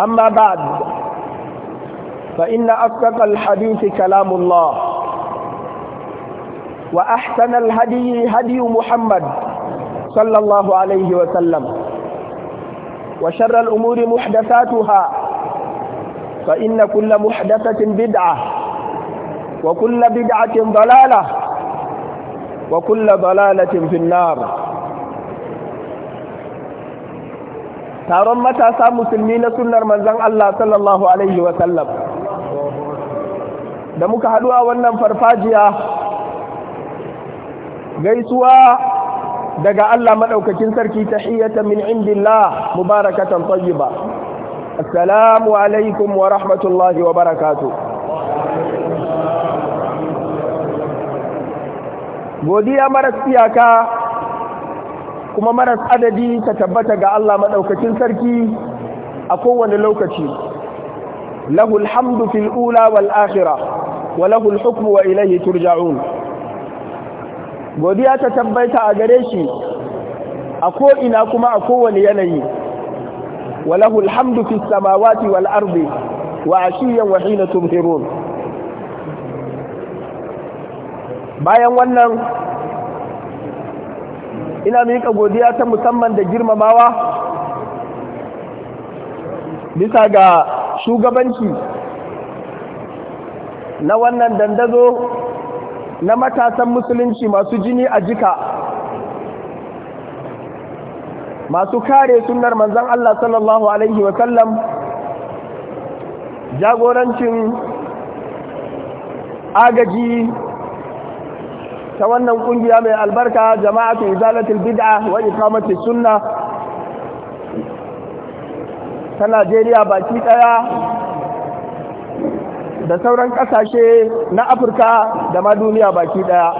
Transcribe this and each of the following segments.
أما بعد فإن أصدق الحديث كلام الله وأحسن الهدي هدي محمد صلى الله عليه وسلم وشر الأمور محدثاتها فإن كل محدثة بدعة وكل بدعة ضلالة وكل ضلالة في النار taron matasa musulmi na sunnar manzon Allah sallallahu alaihi da muka haɗu a wannan farfajiya gaisuwa daga Allah maɗaukakin sarki ta min indillah mubarakatan tayyiba assalamu alaikum wa rahmatullahi wa barakatu godiya maras iyaka kuma maras adadi ta tabbata ga Allah maɗaukacin sarki a kowane lokaci lahulhamdu hamdu fil ula wal akhira wa lahul hukmu wa ilayhi turja'un godiya ta tabbata a gare shi a ko ina kuma a kowane yanayi wa lahul hamdu fis samawati wal ardi wa ashiyan wa hina tumhirun bayan wannan ina miƙa godiya ta musamman da girmamawa bisa ga shugabanci na wannan dandazo na matasan musulunci masu jini a jika masu kare sunar manzan Allah sallallahu Alaihi wasallam jagorancin agaji ta wannan kungiya mai albarka jama'atu izalatul bid'a wa iqamati sunna ta Najeriya baki daya da sauran kasashe na Afirka da ma duniya baki daya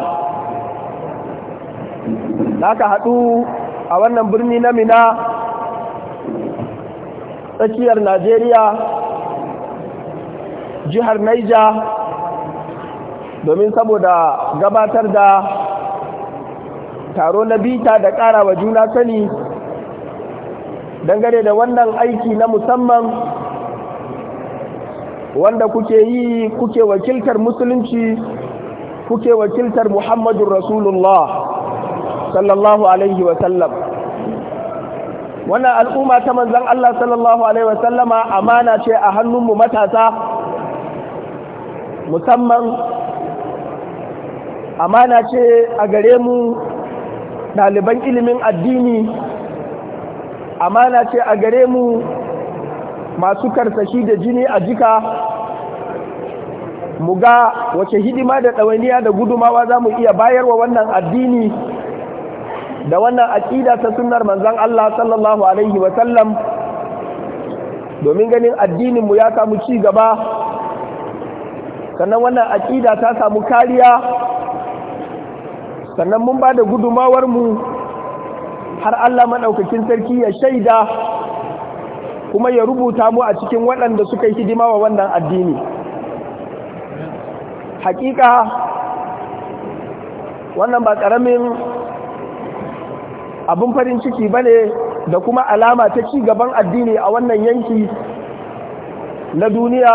naka haɗu a wannan birni na Mina tsakiyar Najeriya jihar Niger domin saboda gabatar da taro na bita da ƙara wa juna sani dangane da wannan aiki na musamman wanda kuke yi kuke wakiltar musulunci kuke wakiltar muhammadun rasulullah sallallahu alaihi wasallam wannan al'umma ta manzan Allah sallallahu alaihi wasallama amana ce a hannunmu matasa musamman amana ce a gare mu ɗaliban ilimin addini amana ce a gare mu masu karsashi da jini a jika mu ga wace hidima da ɗawainiya da gudumawa za mu iya bayarwa wannan addini da wannan aƙida ta sunar manzan Allah sallallahu Alaihi wasallam domin ganin addininmu ya samu ci gaba sannan wannan aƙida ta samu kariya sannan mun ba da gudumawar mu har Allah maɗaukakin sarki ya shaida kuma ya rubuta mu a cikin waɗanda suka yi hidima wa wannan addini Haƙiƙa wannan ba ƙaramin abin farin ciki ba ne da kuma alama ta ci gaban addini a wannan yanki na duniya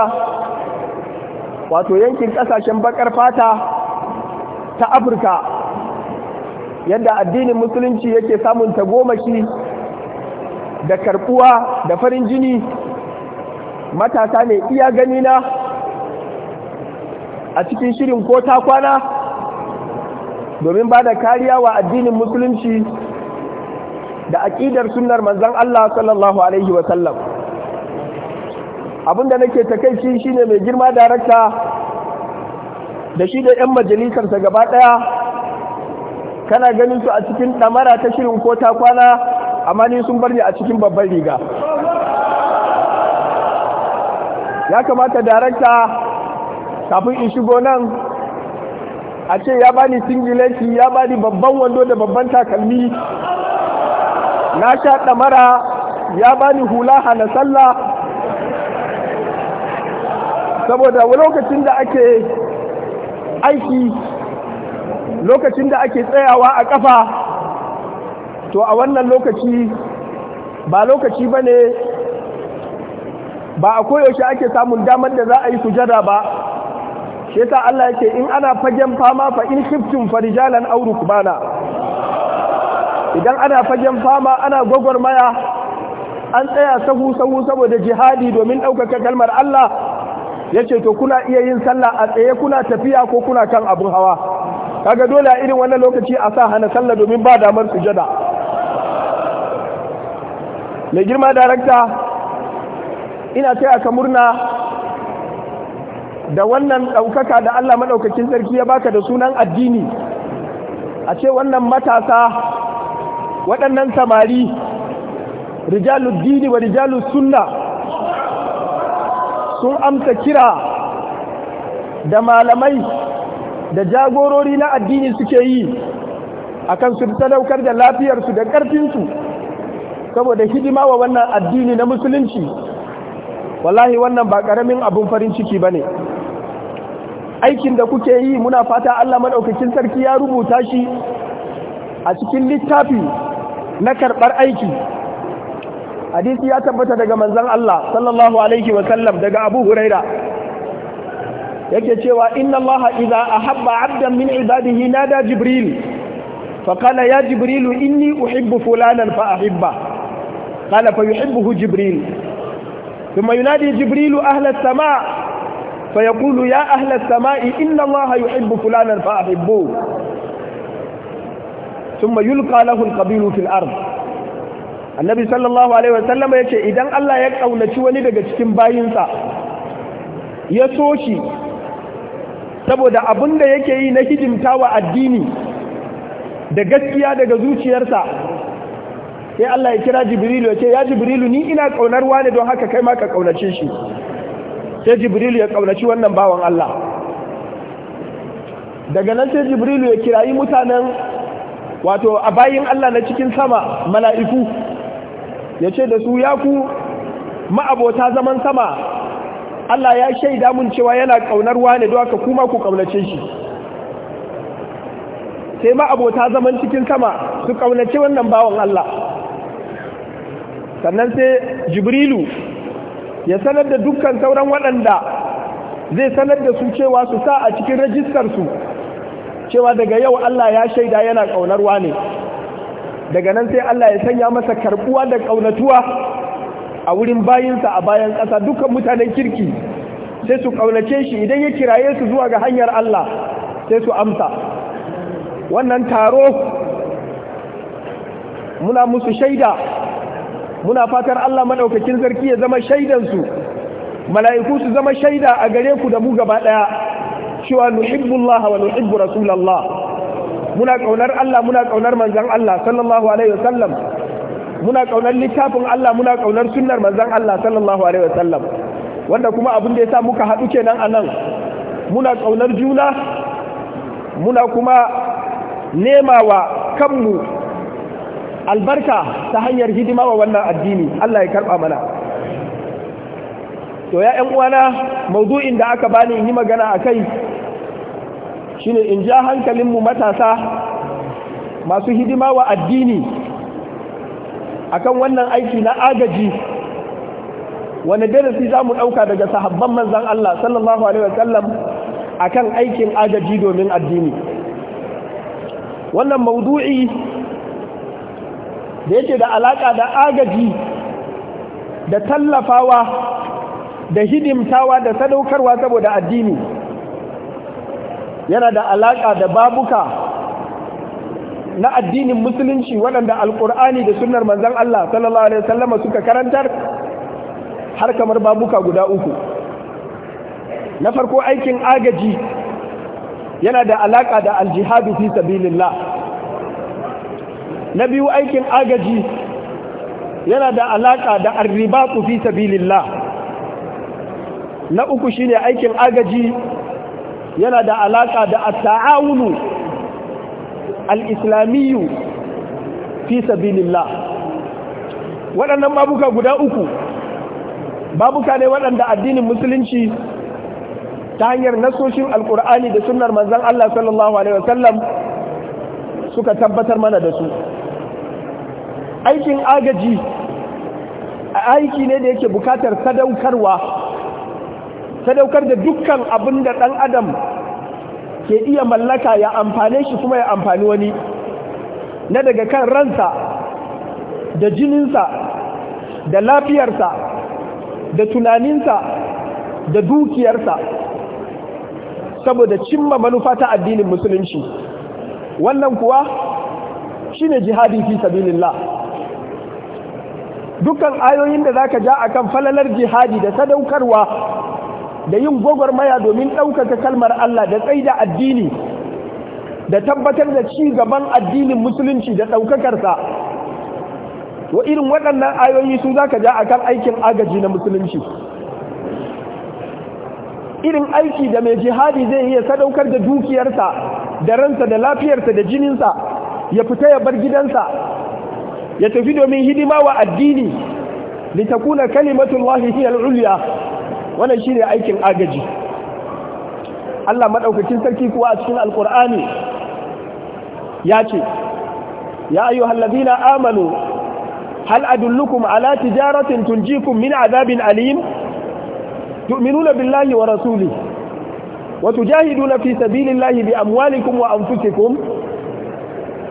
wato yankin ƙasashen bakar fata ta afirka yadda addinin musulunci yake samun tagomashi da karbuwa da farin jini matasa ne iya ganina a cikin shirin ko ta kwana domin ba da kariya wa addinin musulunci da aƙidar sunnar manzan Allah sallallahu Alaihi wasallam abinda nake takaici shine mai girma darakta da shi da 'yan majalisarsa gaba ɗaya kana ganin su a cikin ɗamara ta shirin ko ta kwana amma ni sun bar ni a cikin babban riga ya kamata darakta kafin in shigo nan a ce ya bani singileti ya bani babban wando da babban takalmi na sha ɗamara ya bani hula hana sallah saboda lokacin da ake aiki lokacin da ake tsayawa a ƙafa to a wannan lokaci ba lokaci ba ne ba a koyaushe ake samun damar da za a yi sujada ba shi ta Allah yake in ana fagen fama fa in khiftum farijalan aw rukbana idan ana fagen fama ana gwagwarmaya an tsaya sahu sahu saboda jihadi domin ɗaukaka kalmar Allah yace to kuna iya yin sallah a tsaye kuna tafiya ko kuna kan abin hawa kaga dole a irin wannan lokaci a sa hana sallah domin ba damar su jada. mai girma darakta ina taya aka murna da wannan ɗaukaka da Allah maɗaukakin sarki ya baka da sunan addini a ce wannan matasa waɗannan samari rijalul dini wa rijalul sunna sun amsa kira da malamai da jagorori na addini suke yi akan su sadaukar da lafiyarsu da ƙarfinsu saboda hidima wa wannan addini na musulunci wallahi wannan ba ƙaramin abin farin ciki ba ne aikin da kuke yi muna fata allah maɗaukakin sarki ya rubuta shi a cikin littafi na karɓar aiki hadisi ya tabbata daga manzon allah sallallahu alaihi wasallam daga abu huraira yake cewa inna allaha idza ahabba 'abdan min ibadihi nada jibril fa qala ya jibril inni uhibbu fulanan fa ahibba qala fa yuhibbuhu jibril ثم ينادي جبريل أهل السماء فيقول يا أهل السماء إن الله يحب فلانا فأحبوه ثم يلقى له القبيل في الأرض النبي صلى الله عليه وسلم يقول إذا الله يكأو نشوى لدك تكين باينسا يسوشي saboda abin da yake yi na hidimta wa addini da gaskiya daga zuciyarsa sai Allah ya kira Jibrilu ya ce ya Jibrilu ni ina kaunar wane don haka kai ma ka kaunace shi sai Jibrilu ya ƙaunaci wannan bawan Allah daga nan sai Jibrilu ya kirayi mutanen wato a bayin Allah na cikin sama mala'iku ya ce da su ya ku ma'abota zaman sama Allah ya shaida mun cewa yana kaunar wane don haka kuma ku kaunace shi sai ma abota zaman cikin sama su kaunace wannan bawan Allah sannan sai jibrilu ya sanar da dukkan sauran waɗanda zai sanar da su cewa su sa a cikin rajistarsu cewa daga yau Allah ya shaida yana ƙaunarwa ne daga nan sai Allah ya sanya masa karɓuwa da ƙaunatuwa a wurin bayinsa a bayan ƙasa dukkan mutanen kirki sai su ƙaunace shi idan ya kiraye su zuwa ga hanyar Allah sai su amsa wannan taro muna musu shaida muna fatar Allah maɗaukakin sarki ya zama shaidansu mala'iku su zama shaida a gare ku da mu gaba ɗaya cewa nuhibbullaha wa nuhibbu rasulallah muna ƙaunar Allah muna ƙaunar manzon Allah sallallahu alaihi wasallam muna kaunar littafin Allah muna kaunar sunnar manzon Allah sallallahu alaihi wasallam wanda kuma abin da yasa muka haɗu kenan anan muna kaunar juna muna kuma nema wa kanmu albarka ta hanyar hidima wa wannan addini Allah ya karba mana to ya ƴan uwana maudu'in da aka bani in yi magana akai shine in ja hankalinmu matasa masu hidima wa addini akan wannan aiki na agaji wani darasi za mu ɗauka daga sahabban manzan Allah sallallahu alaihi wasallam akan aikin agaji domin addini wannan maudu'i da yake da alaƙa da agaji da tallafawa da hidimtawa da sadaukarwa saboda addini yana da alaƙa da babuka na addinin musulunci waɗanda Alƙur'ani da sunnar manzon Allah sallallahu alaihi wasallama suka karantar har kamar babuka guda uku na farko aikin agaji yana da alaƙa da aljihadu fi sabilillah na biyu aikin agaji yana da alaƙa da Arribaku fi sabilillah na uku shine aikin agaji yana da alaƙa da at-ta'awunu al-islamiyyu fi sabilillah waɗannan babuka guda uku babuka ne waɗanda addinin musulunci ta hanyar nasoshin alƙur'ani da sunar manzan Allah sallallahu alaihi wasallam suka tabbatar mana da su aikin agaji aiki ne da yake bukatar sadaukarwa sadaukar da dukkan abin da ɗan adam ke iya mallaka ya amfane shi kuma ya amfani wani na daga kan ransa da jininsa da lafiyarsa da tunaninsa da dukiyarsa saboda cimma manufa ta addinin musulunci wannan kuwa shine jihadi fi sabilillah dukkan ayoyin da za ka ja akan falalar jihadi da sadaukarwa da yin gwagwarmaya domin ɗaukaka kalmar Allah da da addini da tabbatar da ci gaban addinin musulunci da ɗaukakarsa wa irin waɗannan ayoyi su za ka ja a kan aikin agaji na musulunci irin aiki da mai jihadi zai iya sadaukar da dukiyarsa da ransa da lafiyarsa da jininsa ya fita ya bar gidansa ya tafi domin hidima wa addini litakuna kalimatullahi hiya ulya wannan shine aikin agaji Allah madaukakin sarki kuwa a cikin Alƙur'ani ya ce ya ayyuhal ladina amanu hal adullukum ala tijaratin tunjikum min adabin alim tu'minuna billahi wa rasulihi wa tujahiduna fi sabilillahi bi amwalikum wa anfusikum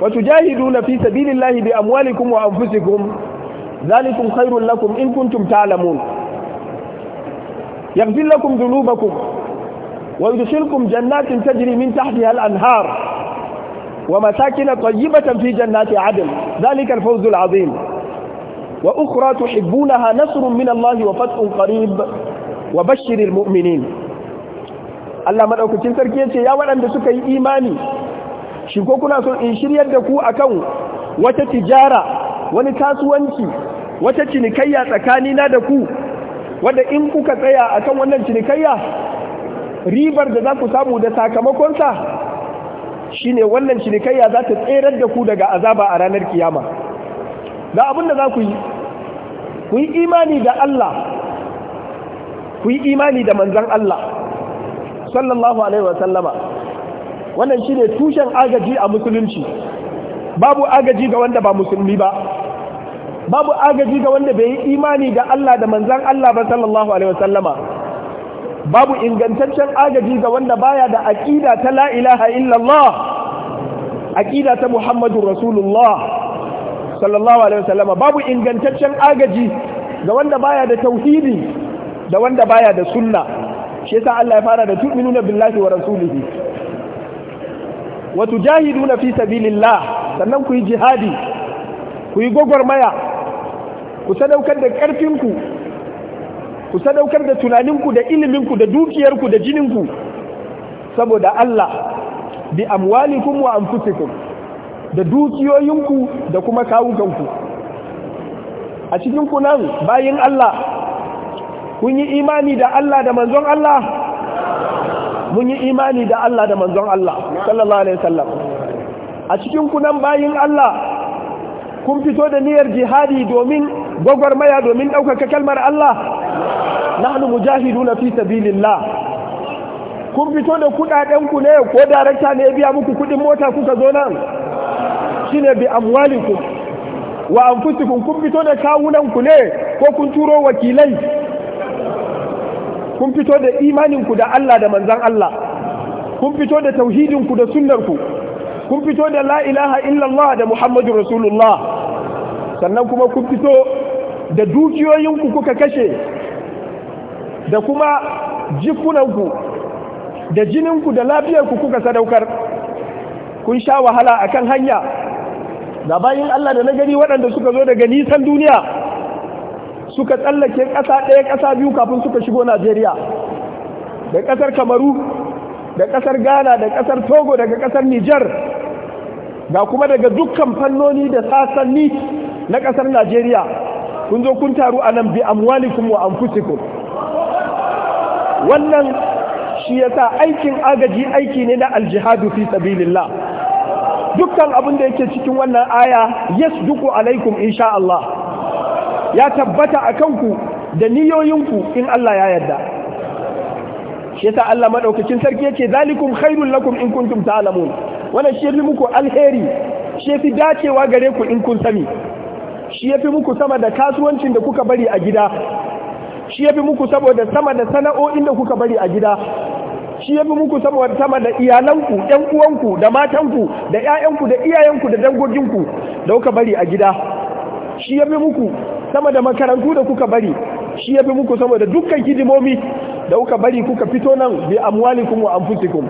wa tujahiduna fi sabilillahi bi amwalikum wa anfusikum dhalikum khairul lakum in kuntum ta'lamun ta يغفر لكم ذنوبكم ويدخلكم جنات تجري من تحتها الأنهار ومساكن طيبة في جنات عدن ذلك الفوز العظيم وأخرى تحبونها نصر من الله وفتح قريب وبشر المؤمنين Allah madaukakin sarki yace ya waɗanda suka yi imani shigo kuna so in shiryar da ku akan wata tijara wani kasuwanci wata cinikayya tsakanina da ku wanda in kuka tsaya a kan wannan cinikayya ribar da za ku samu da sakamakonsa ne wannan cinikayya za ta tserar da ku daga azaba a ranar kiyama da abin da za ku yi ku yi imani da Allah ku yi imani da manzan Allah sallallahu alaihi wa sallama wannan ne tushen agaji a musulunci babu agaji ga wanda ba musulmi ba babu agaji ga wanda bai yi imani da Allah da manzan Allah ba sallallahu alaihi wasallama babu ingantaccen agaji ga wanda baya da aqida ta la ilaha illallah aqida ta muhammadur rasulullah sallallahu alaihi wasallama babu ingantaccen agaji ga wanda baya da tauhidi da wanda baya da sunna shi yasa Allah ya fara da tu'minuna billahi wa rasulihi wa tujahiduna fi sabilillah sannan ku yi jihadi ku yi ku sadaukar da ƙarfinku ku sadaukar da tunaninku da iliminku da dukiyarku da jininku saboda Allah bi amwalikum wa anfusikum da dukiyoyinku da kuma kawukanku a cikin ku nan bayin Allah kun yi imani da Allah da manzon Allah mun yi imani da Allah da manzon Allah sallallahu alaihi wasallam a cikin ku nan bayin Allah kun fito da niyyar jihadi domin maya domin ɗaukaka kalmar Allah nahnu mujahiduna fi sabilillah kun fito da kuɗaɗenku ne ko darakta ne ya biya muku kuɗin mota kuka zo nan shine bi amwalikum wa anfusikum kun fito da kawunan ne ko kun turo wakilai kun fito da imanin da Allah da manzan Allah kun fito da tauhidin ku da sunnar kun fito da la ilaha illallah da muhammadu rasulullah sannan kuma kun fito da dukiyoyinku kuka kashe da kuma jikunanku da jininku da lafiyarku kuka sadaukar kun sha wahala akan hanya da bayan Allah da na waɗanda suka zo daga nisan duniya suka tsallake ƙasa ɗaya ƙasa biyu kafin suka shigo Najeriya da ƙasar Kamaru da ƙasar Ghana da ƙasar Togo daga ƙasar Nijar ga kuma daga dukkan fannoni da sasanni na ƙasar Najeriya kun zo kun taru anan bi amwalikum wa anfusikum wannan shi yasa aikin agaji aiki ne na aljihadu fi sabilillah dukkan abin da yake cikin wannan aya yasduku alaikum insha Allah ya tabbata a kanku da niyoyinku in Allah ya yarda shi yasa Allah madaukakin sarki yace zalikum khairul lakum in kuntum ta'lamun wannan shi muku alheri shi fi dacewa gare ku in kun sani shi ya fi muku sama da kasuwancin da kuka bari a gida shi ya fi muku saboda sama da sana'o'in da kuka bari a gida shi ya fi muku saboda sama da iyalanku ɗan uwanku da matanku da ƴaƴanku da iyayenku da dangoginku da kuka bari a gida shi ya fi muku sama da makarantu da kuka bari shi ya fi muku sama da dukkan hidimomi da kuka bari kuka fito nan bi amwalikum wa anfusikum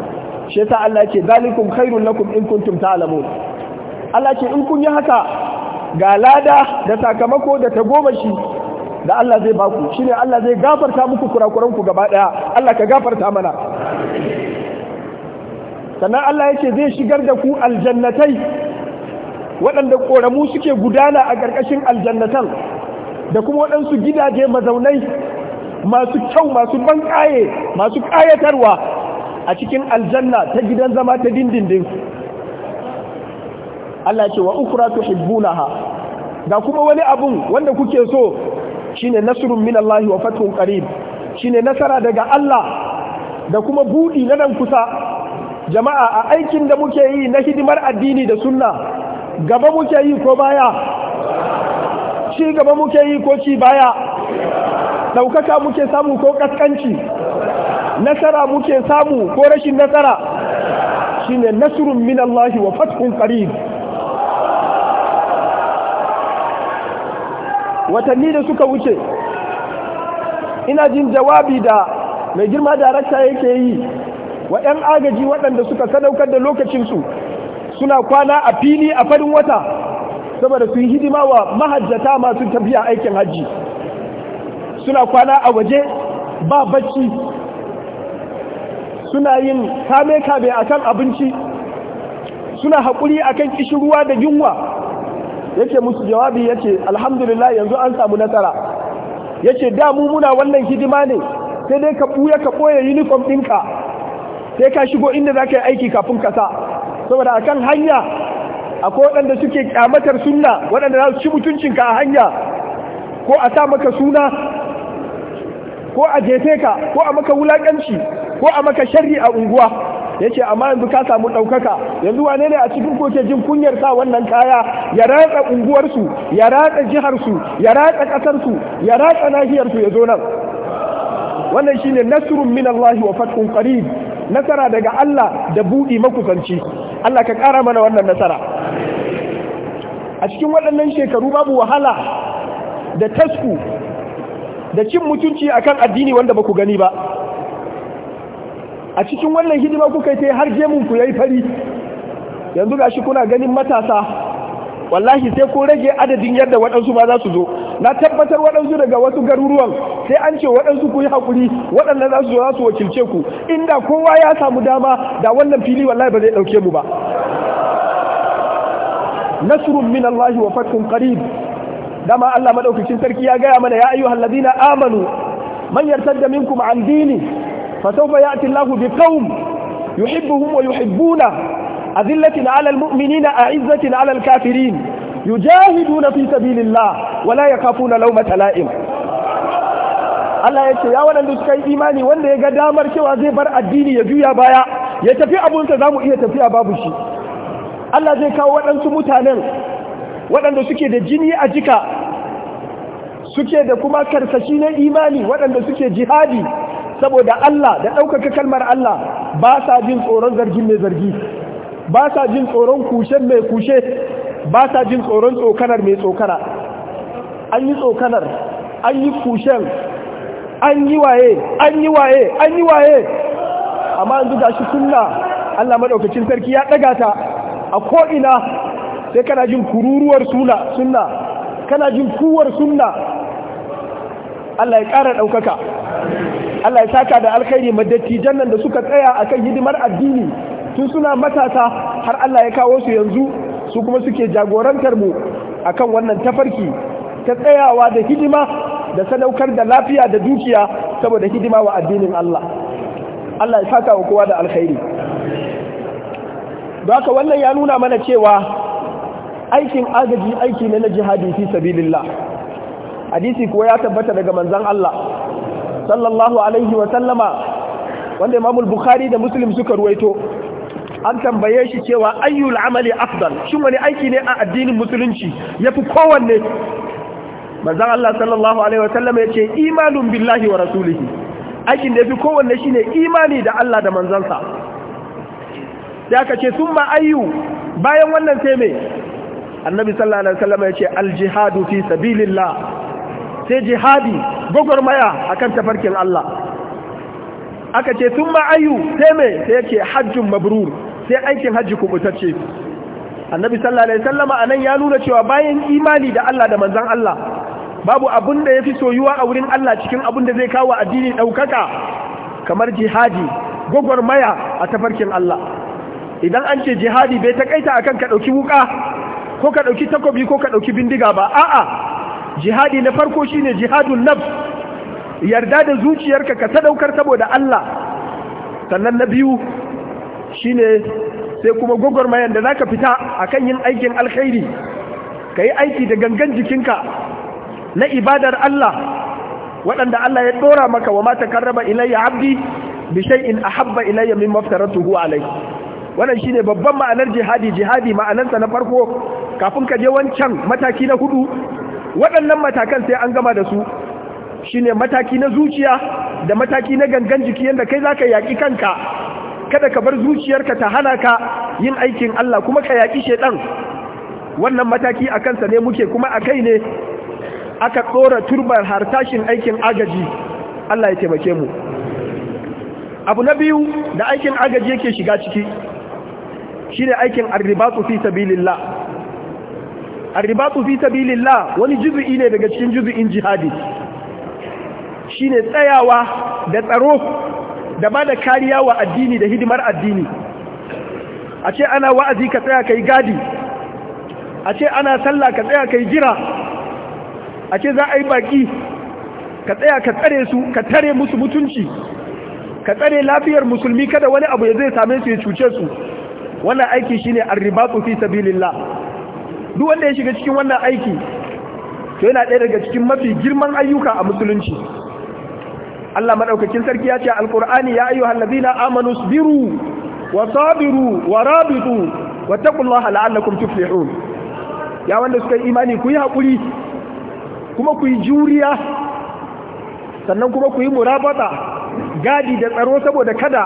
shi yasa Allah ya ce zalikum khairul lakum in kuntum ta'lamun Allah ce in kun yi haka ga lada da sakamako da ta goma shi da Allah zai baku shine Allah zai gafarta muku kurakuran ku gaba ɗaya? Allah ka gafarta mana sannan Allah yake zai shigar da ku aljannatai waɗanda ƙoramu suke gudana a ƙarƙashin aljannatan da kuma waɗansu gidaje mazaunai masu kyau masu banƙaye masu ƙayatarwa a cikin aljanna ta gidan zama ta dindindin Allah ce wa ukra tuhibbunaha ga kuma wani abun wanda kuke so shine nasrun min Allah wa fathun qarib shine nasara daga Allah da kuma budi na kusa jama'a a aikin da muke yi na hidimar addini da sunna gaba muke yi ko baya ci gaba muke yi ko ci baya daukaka muke samu ko kaskanci nasara muke samu ko rashin nasara shine nasrun min Allah wa fathun qarib watanni da suka wuce ina jin jawabi da mai girma darakta yake yi wa 'yan agaji waɗanda suka sadaukar da lokacinsu suna kwana a fili a farin wata saboda su yi hidima wa mahajjata masu tafiya aikin hajji suna kwana a waje ba bacci suna yin kame-kame a kan abinci suna haƙuri a kan ƙishirwa da yunwa yake musu jawabi yace alhamdulillah yanzu an samu nasara yace da mu muna wannan hidima ne sai dai ka buya ka boye uniform ɗinka sai ka shigo inda za ka yi aiki kafin ka sa saboda kan hanya akwai waɗanda suke kyamatar sunna waɗanda za su ci mutuncinka a hanya ko a sa maka suna ko a jefe ka ko a maka wulaƙanci ko a maka sharri a unguwa yace amma yanzu ka samu ɗaukaka yanzu wane ne a cikin koke jin kunyar sa wannan kaya ya ratsa unguwarsu ya ratsa jiharsu ya ratsa su ya ratsa nahiyarsu ya zo nan wannan shine nasrun min Allah wa fathun qarib nasara daga Allah da buɗi makusanci Allah ka kara mana wannan nasara a cikin waɗannan shekaru babu wahala da tasku da cin mutunci akan addini wanda ba ku gani ba a cikin wannan hidima kuka ta yi har gemun ku ya yi fari yanzu gashi kuna ganin matasa wallahi sai ko rage adadin yadda waɗansu ma za su zo na tabbatar waɗansu daga wasu garuruwan sai an ce waɗansu ku yi haƙuri waɗanda za su zo za su wakilce ku inda kowa ya samu dama da wannan fili wallahi ba zai ɗauke mu ba nasrun min Allah wa fathun qarib dama Allah madaukakin sarki ya gaya mana ya ayyuhal ladina amanu man yartadda minkum an dini فسوف يأتي الله بقوم يحبهم ويحبونه أذلة على المؤمنين أعزة على الكافرين يجاهدون في سبيل الله ولا يخافون لومة لائم Allah ya ce ya waɗanda suka yi imani wanda ya ga damar cewa zai bar addini ya juya baya ya tafi abunsa za mu iya tafiya babu shi Allah zai kawo waɗansu mutanen waɗanda suke da jini a jika suke da kuma karsashi na imani waɗanda suke jihadi saboda Allah da ɗaukaka kalmar Allah ba sa jin tsoron zargin mai zargi ba sa jin tsoron kushen mai kushe ba sa jin tsoron tsokanar mai tsokara an yi tsokanar an yi kushen an yi waye an yi waye an yi waye amma an zuga shi sunna Allah maɗaukacin sarki ya ɗaga ta a ko'ina sai kana jin kururuwar suna sunna kana jin kuwar sunna Allah ya ƙara ɗaukaka Allah ya saka da alkhairi madattijan nan da suka tsaya akan hidimar addini tun suna matasa har Allah ya kawo su yanzu su kuma suke jagorantar mu akan wannan tafarki ta tsayawa da hidima da sadaukar da lafiya da dukiya saboda hidima wa addinin Allah Allah ya saka wa kowa da alkhairi don haka wannan ya nuna mana cewa aikin agaji aiki ne na jihadi fi sabilillah hadisi kuwa ya tabbata daga manzon Allah sallallahu alaihi wa sallama wanda imamul bukhari da muslim suka ruwaito an tambaye shi cewa ayyul amali afdal shin wani aiki ne a addinin musulunci yafi kowanne manzon Allah sallallahu alaihi wa sallama yace imanun billahi wa rasulihi aikin da yafi kowanne shine imani da Allah da manzansa da aka ce summa ayyu bayan wannan sai me annabi sallallahu alaihi wa sallama yace al jihadu fi sabilillah sai jihadi gwagwarmaya akan tafarkin Allah aka ce sun ma'ayu sai mai sai yake hajjun mabrur sai aikin hajji kubutacce annabi sallallahu alaihi anan ya nuna cewa bayan imani da Allah da manzan Allah babu abin da ya fi soyuwa a wurin Allah cikin abin da zai kawo addini ɗaukaka, kamar jihadi gwagwarmaya a tafarkin Allah idan an ce jihadi bai ta a akan ka ɗauki wuka ko ka ɗauki takobi ko ka ɗauki bindiga ba a'a jihadi na farko shine jihadun naf yarda da zuciyarka ka sadaukar saboda Allah sannan na biyu shine sai kuma gwagwarmayar da zaka fita akan yin aikin alkhairi ka yi aiki da gangan jikinka na ibadar Allah waɗanda Allah ya ɗora maka wa mata karraba ilayya abdi in shay'in ahabba ilayya min maftaratuhu alai wannan shine babban ma'anar jihadi jihadi ma'anarsa na farko kafin ka je wancan mataki na hudu waɗannan matakan sai an gama da su shine mataki na zuciya da mataki na gangan jiki yadda kai za ka yaƙi kanka kada ka bar zuciyarka ta hana ka yin aikin Allah kuma ka yaƙi shaiɗan wannan mataki a kansa ne muke kuma a kai ne aka tsora turbar hartashin aikin agaji Allah ya taimake mu abu na biyu da aikin agaji yake shiga ciki shine aikin arribatu fi sabilillah arribatu fi sabilillah wani juzu'i ne daga cikin juzu'in jihadi shine tsayawa da tsaro da bada kariya wa addini da hidimar addini a ce ana wa'azi ka tsaya kai gadi a ce ana sallah ka tsaya kai jira a ce za a yi baki ka tsaya ka tsare su ka tare musu mutunci ka tsare lafiyar musulmi kada wani abu ya zai same su ya cuce su wannan aiki shine arribatu fi sabilillah duk wanda ya shiga cikin wannan aiki to yana ɗaya daga cikin mafi girman ayyuka a musulunci Allah madaukakin sarki ya ce alqur'ani ya ayyuhal ladina amanu sabiru wa sabiru wa rabitu wa taqullaha la'allakum tuflihun ya wanda suka imani ku yi hakuri kuma ku yi juriya sannan kuma ku yi murabata gadi da tsaro saboda kada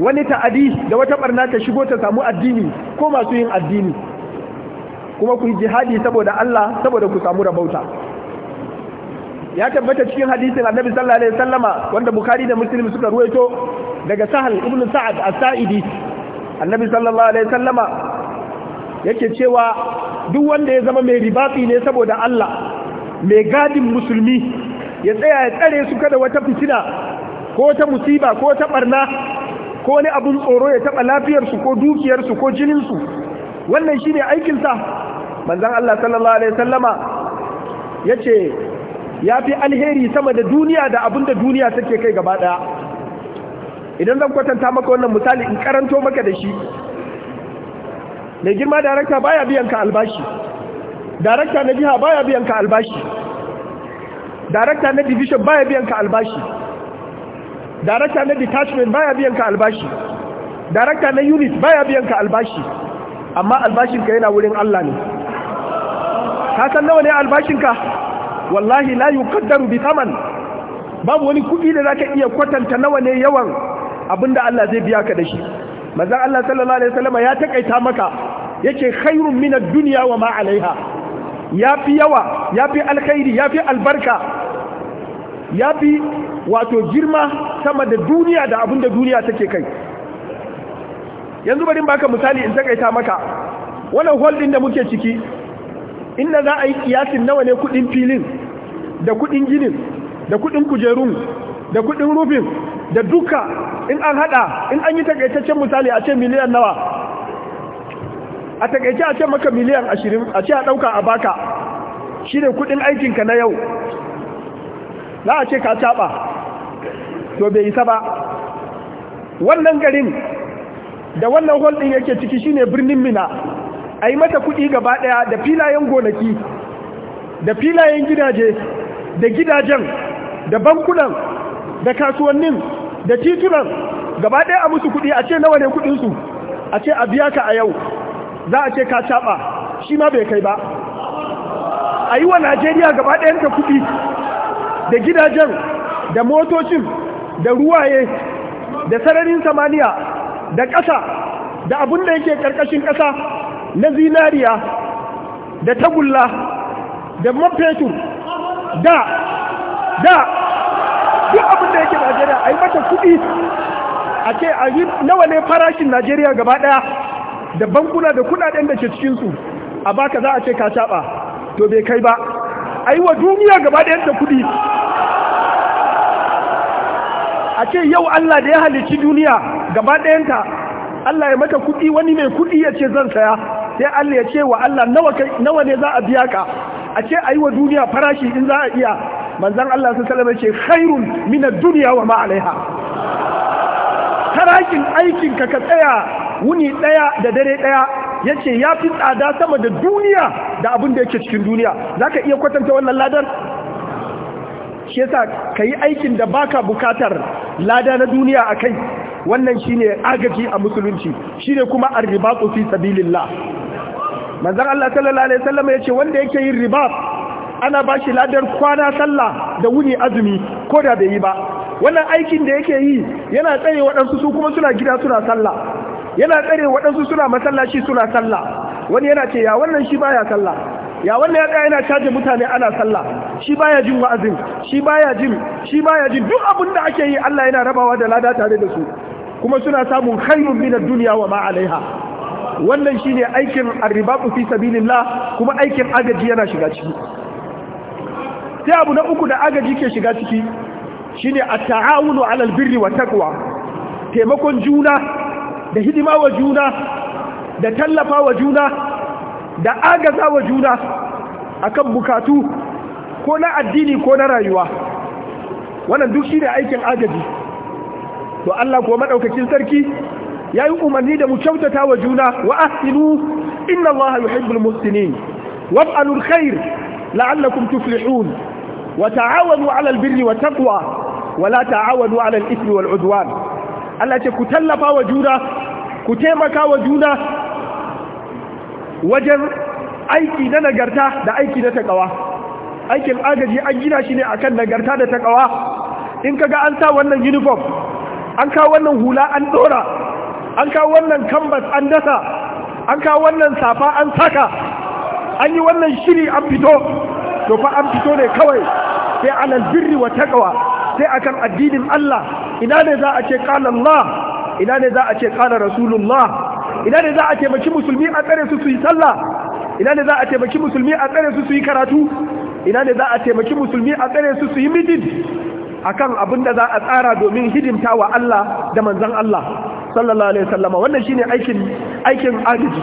wani ta'adi da wata barna ta shigo ta samu addini ko masu yin addini kuma ku yi jihadi saboda Allah saboda ku samu rabauta ya tabbata cikin hadisin annabi sallallahu alaihi wasallama wanda bukhari da muslim suka ruwaito daga sahal ibn sa'ad as-sa'idi annabi sallallahu alaihi wasallama yake cewa duk wanda ya zama mai ribafi ne saboda Allah mai gadin musulmi ya tsaya ya tsare su kada wata fitina ko ta musiba ko ta barna ko wani abun tsoro ya taba lafiyarsu ko dukiyarsu ko jininsu wannan shine aikinsa manzon Allah sallallahu alaihi wasallama yace ya fi alheri sama da duniya da abinda duniya take kai gaba daya idan zan kwatanta maka wannan misali in karanto maka da shi mai girma darakta baya biyan ka albashi darakta na jiha baya biyan ka albashi darakta na division baya biyan ka albashi darakta na detachment baya biyan ka albashi darakta na unit baya biyan ka albashi amma albashin ka yana wurin Allah ne ka san nawa ne albashinka wallahi la yuqaddaru bi thaman babu wani kuɗi da zaka iya kwatanta nawa ne yawan abinda Allah zai biya ka da shi manzon Allah sallallahu alaihi wasallam ya takaita maka yace khairun min dunya wa ma alaiha yafi yawa yafi alkhairi yafi albarka yafi wato girma sama da duniya da abinda duniya take kai yanzu bari baka misali in takaita maka wannan hol ɗin da muke ciki inda za a yi kiyasin nawa ne kudin filin da kudin ginin da kudin kujerun da kudin rufin da duka in an hada in an yi takaitaccen misali a ce miliyan nawa a takaice a ce maka miliyan ashirin a ce a dauka a baka shi ne kudin aikinka na yau za a ce ka taɓa to bai isa ba wannan garin da wannan hol ɗin yake ciki shi ne birnin mina a yi mata kuɗi gaba ɗaya da filayen gonaki da filayen gidaje da gidajen da bankunan da kasuwannin da titunan gaba ɗaya a musu kuɗi a ce nawa ne kuɗinsu a ce a biya ka a yau za a ce ka caɓa shi ma bai kai ba a yi wa najeriya gaba ɗayanta kuɗi da gidajen da motocin da ruwaye da sararin samaniya da ƙasa da abin da yake ƙarƙashin ƙasa na zinariya da tagulla da mafetur da da duk abin da yake najeriya a yi mata kuɗi a ce a yi nawa ne farashin najeriya gaba daya da bankuna da kuɗaɗen da ke cikinsu a baka za a ce ka saba to bai kai ba a yi wa duniya gaba daya da kuɗi a ce yau allah da ya halicci duniya gaba ɗayanta Allah ya mata kuɗi wani mai kuɗi ya ce zan saya sai Allah ya ce wa Allah nawa ne za a biya ka a ce a yi wa duniya farashi in za a iya manzan Allah su salama ce khairun mina duniya wa ma'alaiha farashin aikinka ka tsaya wuni ɗaya da dare ɗaya ya ce ya fi tsada sama da duniya da abin da yake cikin duniya za ka iya kwatanta wannan ladar shi yasa ka yi aikin da baka bukatar lada na duniya a kai wannan shine agaji a musulunci shine kuma arribatu fi sabilillah manzon Allah sallallahu alaihi wasallam ce wanda yake yin riba ana bashi ladar kwana sallah da wuni azumi ko da bai yi ba wannan aikin da yake yi yana tsare waɗansu su kuma suna gida suna sallah yana tsare waɗansu suna masallaci suna sallah wani yana ce ya wannan shi baya sallah ya wannan ya tsaya yana caje mutane ana sallah shi baya jin wa'azin shi baya jin shi baya jin duk abin da ake yi Allah yana rabawa da lada tare da su kuma suna samun khairun min ad-dunya wa ma alaiha wannan shine aikin arribatu fi sabilillah kuma aikin agaji yana shiga ciki sai abu na uku da agaji ke shiga ciki shine at-ta'awunu 'alal birri wa taqwa taimakon juna da hidima wa juna da tallafa wa juna da agaza wa juna akan bukatu ko na addini ko na rayuwa wannan duk shine aikin agaji to Allah kuwa maɗaukakin sarki yayi umarni da mu kyautata wa juna wa ahsinu inna allaha yuhibbul muhsinin wab'alul khair la'allakum tuflihun wa ta'awanu 'alal birri wat taqwa wa la ta'awanu 'alal ithmi wal 'udwan Allah ce ku tallafa wa juna ku taimaka wa juna wajen aiki na nagarta da aiki na takawa aikin agaji an gina shi ne akan nagarta da takawa in kaga an sa wannan uniform an kawo wannan hula an dora an kawo wannan kambas an dasa an kawo wannan safa an saka an yi wannan shiri an fito to fa an fito ne kawai sai alal birri wa taqwa sai akan addinin Allah ina ne za a ce qala Allah ina ne za a ce qala rasulullah ina ne za a ce baki musulmi a tsare su su yi sallah ina ne za a ce baki musulmi a tsare su su yi karatu ina ne za a taimaki musulmi a tsare su su yi midin akan abinda da za a tsara domin hidimta wa Allah da manzan Allah sallallahu alaihi sallama. wannan shine aikin aikin agaji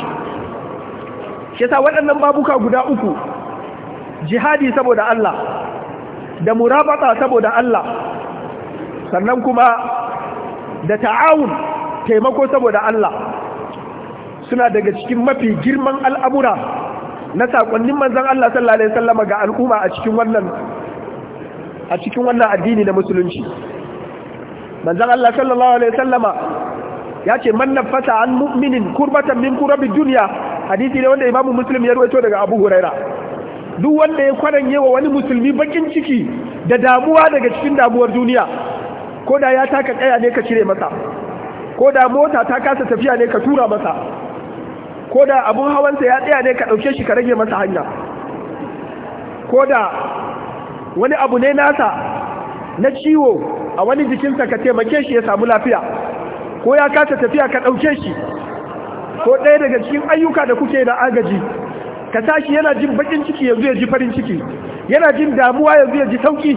shi yasa waɗannan babuka guda uku jihadi saboda Allah da murabata saboda Allah sannan kuma da ta'awun taimako saboda Allah suna daga cikin mafi girman al'amura na saƙonnin manzan Allah sallallahu alaihi sallama ga al'umma a cikin wannan a cikin wannan addini na musulunci manzan Allah sallallahu alaihi sallama. ya ce man nafasa an mu'minin kurbatan min kurabi duniya hadisi ne wanda imamu muslim ya ruwaito daga abu huraira duk wanda ya kwaranye wa wani musulmi bakin ciki da damuwa daga cikin damuwar duniya ko da ya taka kaya ne ka cire masa ko da mota ta kasa tafiya ne ka tura masa ko da abun hawansa ya tsaya ne ka ɗauke shi ka rage masa hanya ko da wani abu ne nasa na ciwo a wani jikinsa ka taimake shi ya samu lafiya ko ya kasa tafiya ka ɗauke shi ko ɗaya daga cikin ayyuka da kuke da agaji ka tashi yana jin bakin ciki yanzu ya ji farin ciki yana jin damuwa yanzu ya ji sauki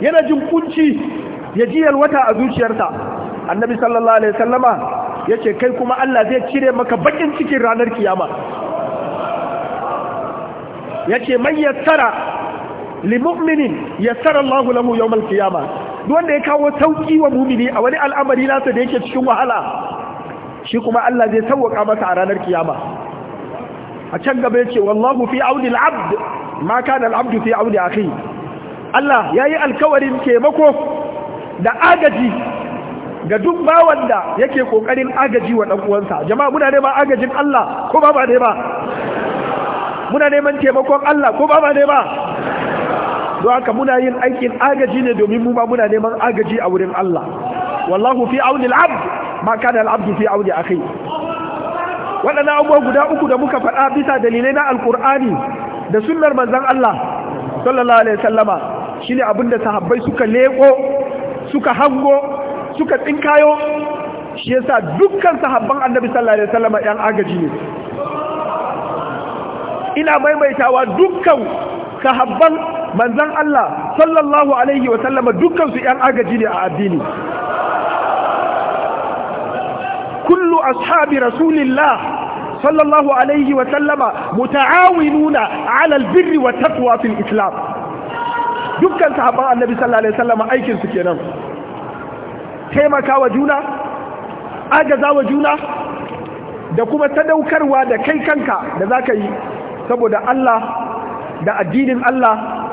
yana jin kunci ya ji yalwata a zuciyarsa annabi sallallahu alaihi ya yace kai kuma Allah zai cire maka baƙin cikin ranar kiyama yace man yassara li mu'minin yassara Allahu lahu yawmal kiyama wanda ya kawo sauki wa mumini a wani al'amari nasa da yake cikin wahala shi kuma Allah zai sauwaka masa a ranar kiyama a can gaba yace wallahu fi auni al-abd ma kana al fi auni akhi Allah yayi alkawarin taimako da agaji ga duk bawan da yake kokarin agaji wa dan uwansa jama'a muna neman agajin Allah ko ba ba ne ba muna neman taimakon Allah ko ba ba ne ba don haka muna yin aikin agaji ne domin mu muna neman agaji a wurin Allah wallahu fi auni al ma kana al fi auni akhi waɗannan abubuwa guda uku da muka faɗa bisa dalilai na alkur'ani da sunnar manzon Allah sallallahu alaihi wasallama shine abinda sahabbai suka leko suka hango suka tsinkayo shi yasa dukkan sahabban annabi sallallahu alaihi wasallama yan agaji ne ina maimaitawa dukkan sahabban manzan Allah sallallahu alaihi yan agaji ne a addini kullu ashabi rasulillah sallallahu alaihi wa sallama muta'awinuna ala albirri wa taqwa fil islam dukkan sahabban annabi sallallahu alaihi wa aikin su kenan taimakawa juna agazawa juna da kuma sadaukarwa da kai kanka da zaka yi saboda Allah da addinin Allah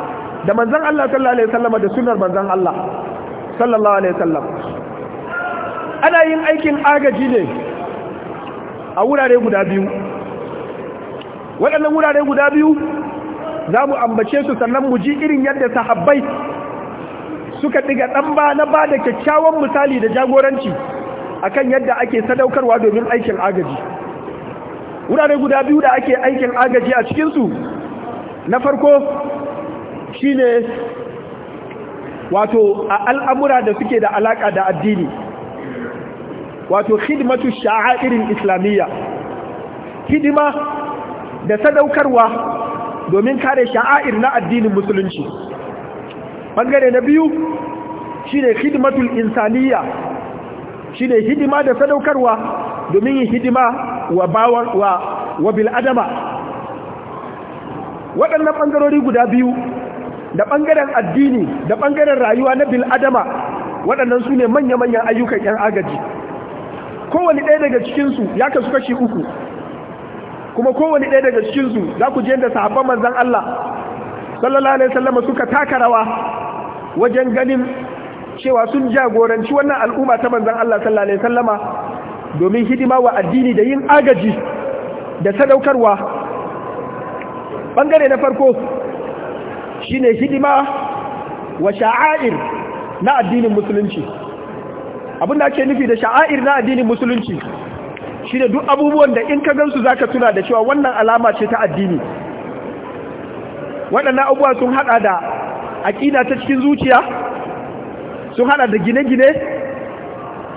da manzan Allah sallallahu alaihi wasallam da sunnar manzan Allah sallallahu alaihi wasallam ana yin aikin agaji ne a wurare guda biyu waɗannan wurare guda biyu za mu ambace su sannan mu ji irin yadda sahabbai suka ɗiga ɗan ba na ba da kyakkyawan misali da jagoranci akan yadda ake sadaukarwa domin aikin agaji wurare guda biyu da ake aikin agaji a cikinsu na farko Shi ne wato al'amura da suke da alaƙa da addini wato hidimatu sha'a'irin islamiyya hidima da sadaukarwa domin kare sha'air na addinin musulunci ɓangare na biyu shi shine insaniya, insaniyya ne hidima da sadaukarwa domin yin hidima wa bil'adama wa waɗannan ɓangarori guda biyu da ɓangaren addini da ɓangaren rayuwa na bil'adama waɗannan su ne manya-manyan ayyukan 'yan agaji Kowani ɗaya daga cikinsu ya kasu kashi uku kuma kowani ɗaya daga cikinsu za ku je da sahabban manzan Allah sallallahu alaihi sallama suka taka rawa wajen ganin cewa sun jagoranci wannan al'umma ta manzan Allah sallallahu alaihi sallama, domin hidima wa addini da yin agaji da sadaukarwa ɓangare na farko Shi ne hidima wa sha'air na addinin musulunci da ake nufi da sha'air na addinin musulunci Shi ne duk abubuwan da in ka gansu ka tuna da cewa wannan alama ce ta addini waɗannan abubuwa sun haɗa da aƙida ta cikin zuciya sun haɗa da gine-gine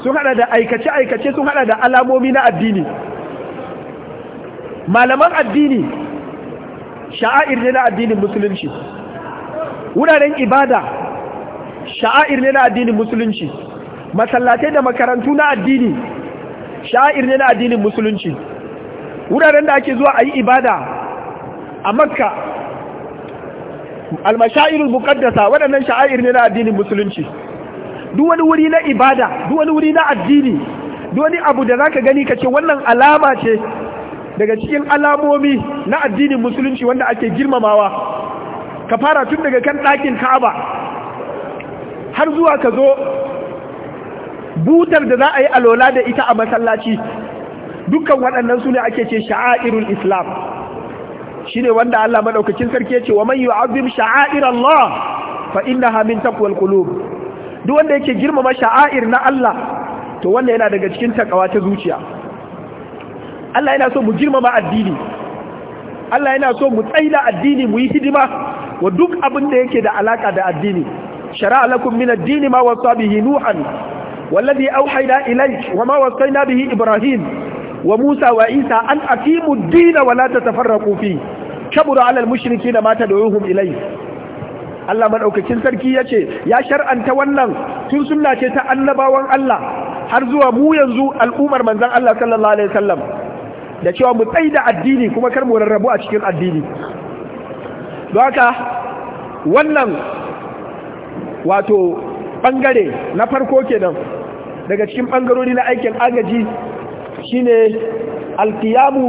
sun haɗa da aikace-aikace sun haɗa da alamomi na addini malaman addini sha'air ne na addinin musulunci wuraren ibada sha'air ne na addinin musulunci masallatai da makarantu na addini sha'air ne na addinin musulunci wuraren da ake zuwa a yi ibada a makka almashairul muqaddasa waɗannan sha'air ne na addinin musulunci duk wani wuri na ibada duk wani wuri na addini duk wani abu da zaka gani kace wannan alama ce daga cikin alamomi na addinin musulunci wanda ake girmamawa ka fara tun daga kan ɗakin ka'aba har zuwa ka zo butar da za a yi alola da ita a masallaci dukkan waɗannan su ne ake ce sha'airul islam shi ne wanda Allah maɗaukacin sarki ya ce wa man abin sha'air Allah fa innaha hamin takwal kulu. duk wanda yake girmama sha'air na Allah to wanda yana daga cikin takawa ta zuciya Allah yana so mu girmama addini Allah yana so mu tsaida addini mu yi hidima wa duk abin da yake da alaka da addini shara'a lakum min ad-din ma wasa bihi nuhan والذي أوحينا wa وما وصينا به إبراهيم وموسى وعيسى أن أقيموا الدين ولا تتفرقوا فيه كبر على المشركين ما تدعوهم إليه Allah maɗaukakin sarki ya ce, Ya shar'anta wannan tun sunna ce ta annabawan Allah har zuwa mu yanzu al'ummar manzan Allah sallallahu Alaihi wasallam da cewa mu tsaida addini kuma kar mu rarrabu a cikin addini. don haka wannan wato ɓangare na farko kenan daga cikin bangarori na aikin agaji shine alkiyamu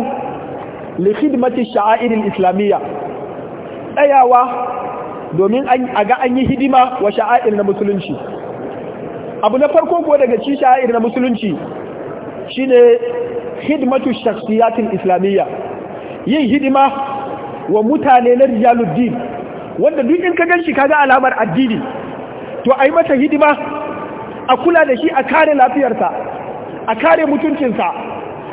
li khidmati sha'airil islamiyya tsayawa domin a ga an yi hidima wa sha'air na musulunci abu na farko ko daga ci sha'air na musulunci shine khidmatu shakhsiyatil islamiyya yin hidima wa mutane na rijaluddin wanda duk in ka ganshi kaga alamar addini to ai mata hidima a kula da shi a kare lafiyarsa a kare mutuncinsa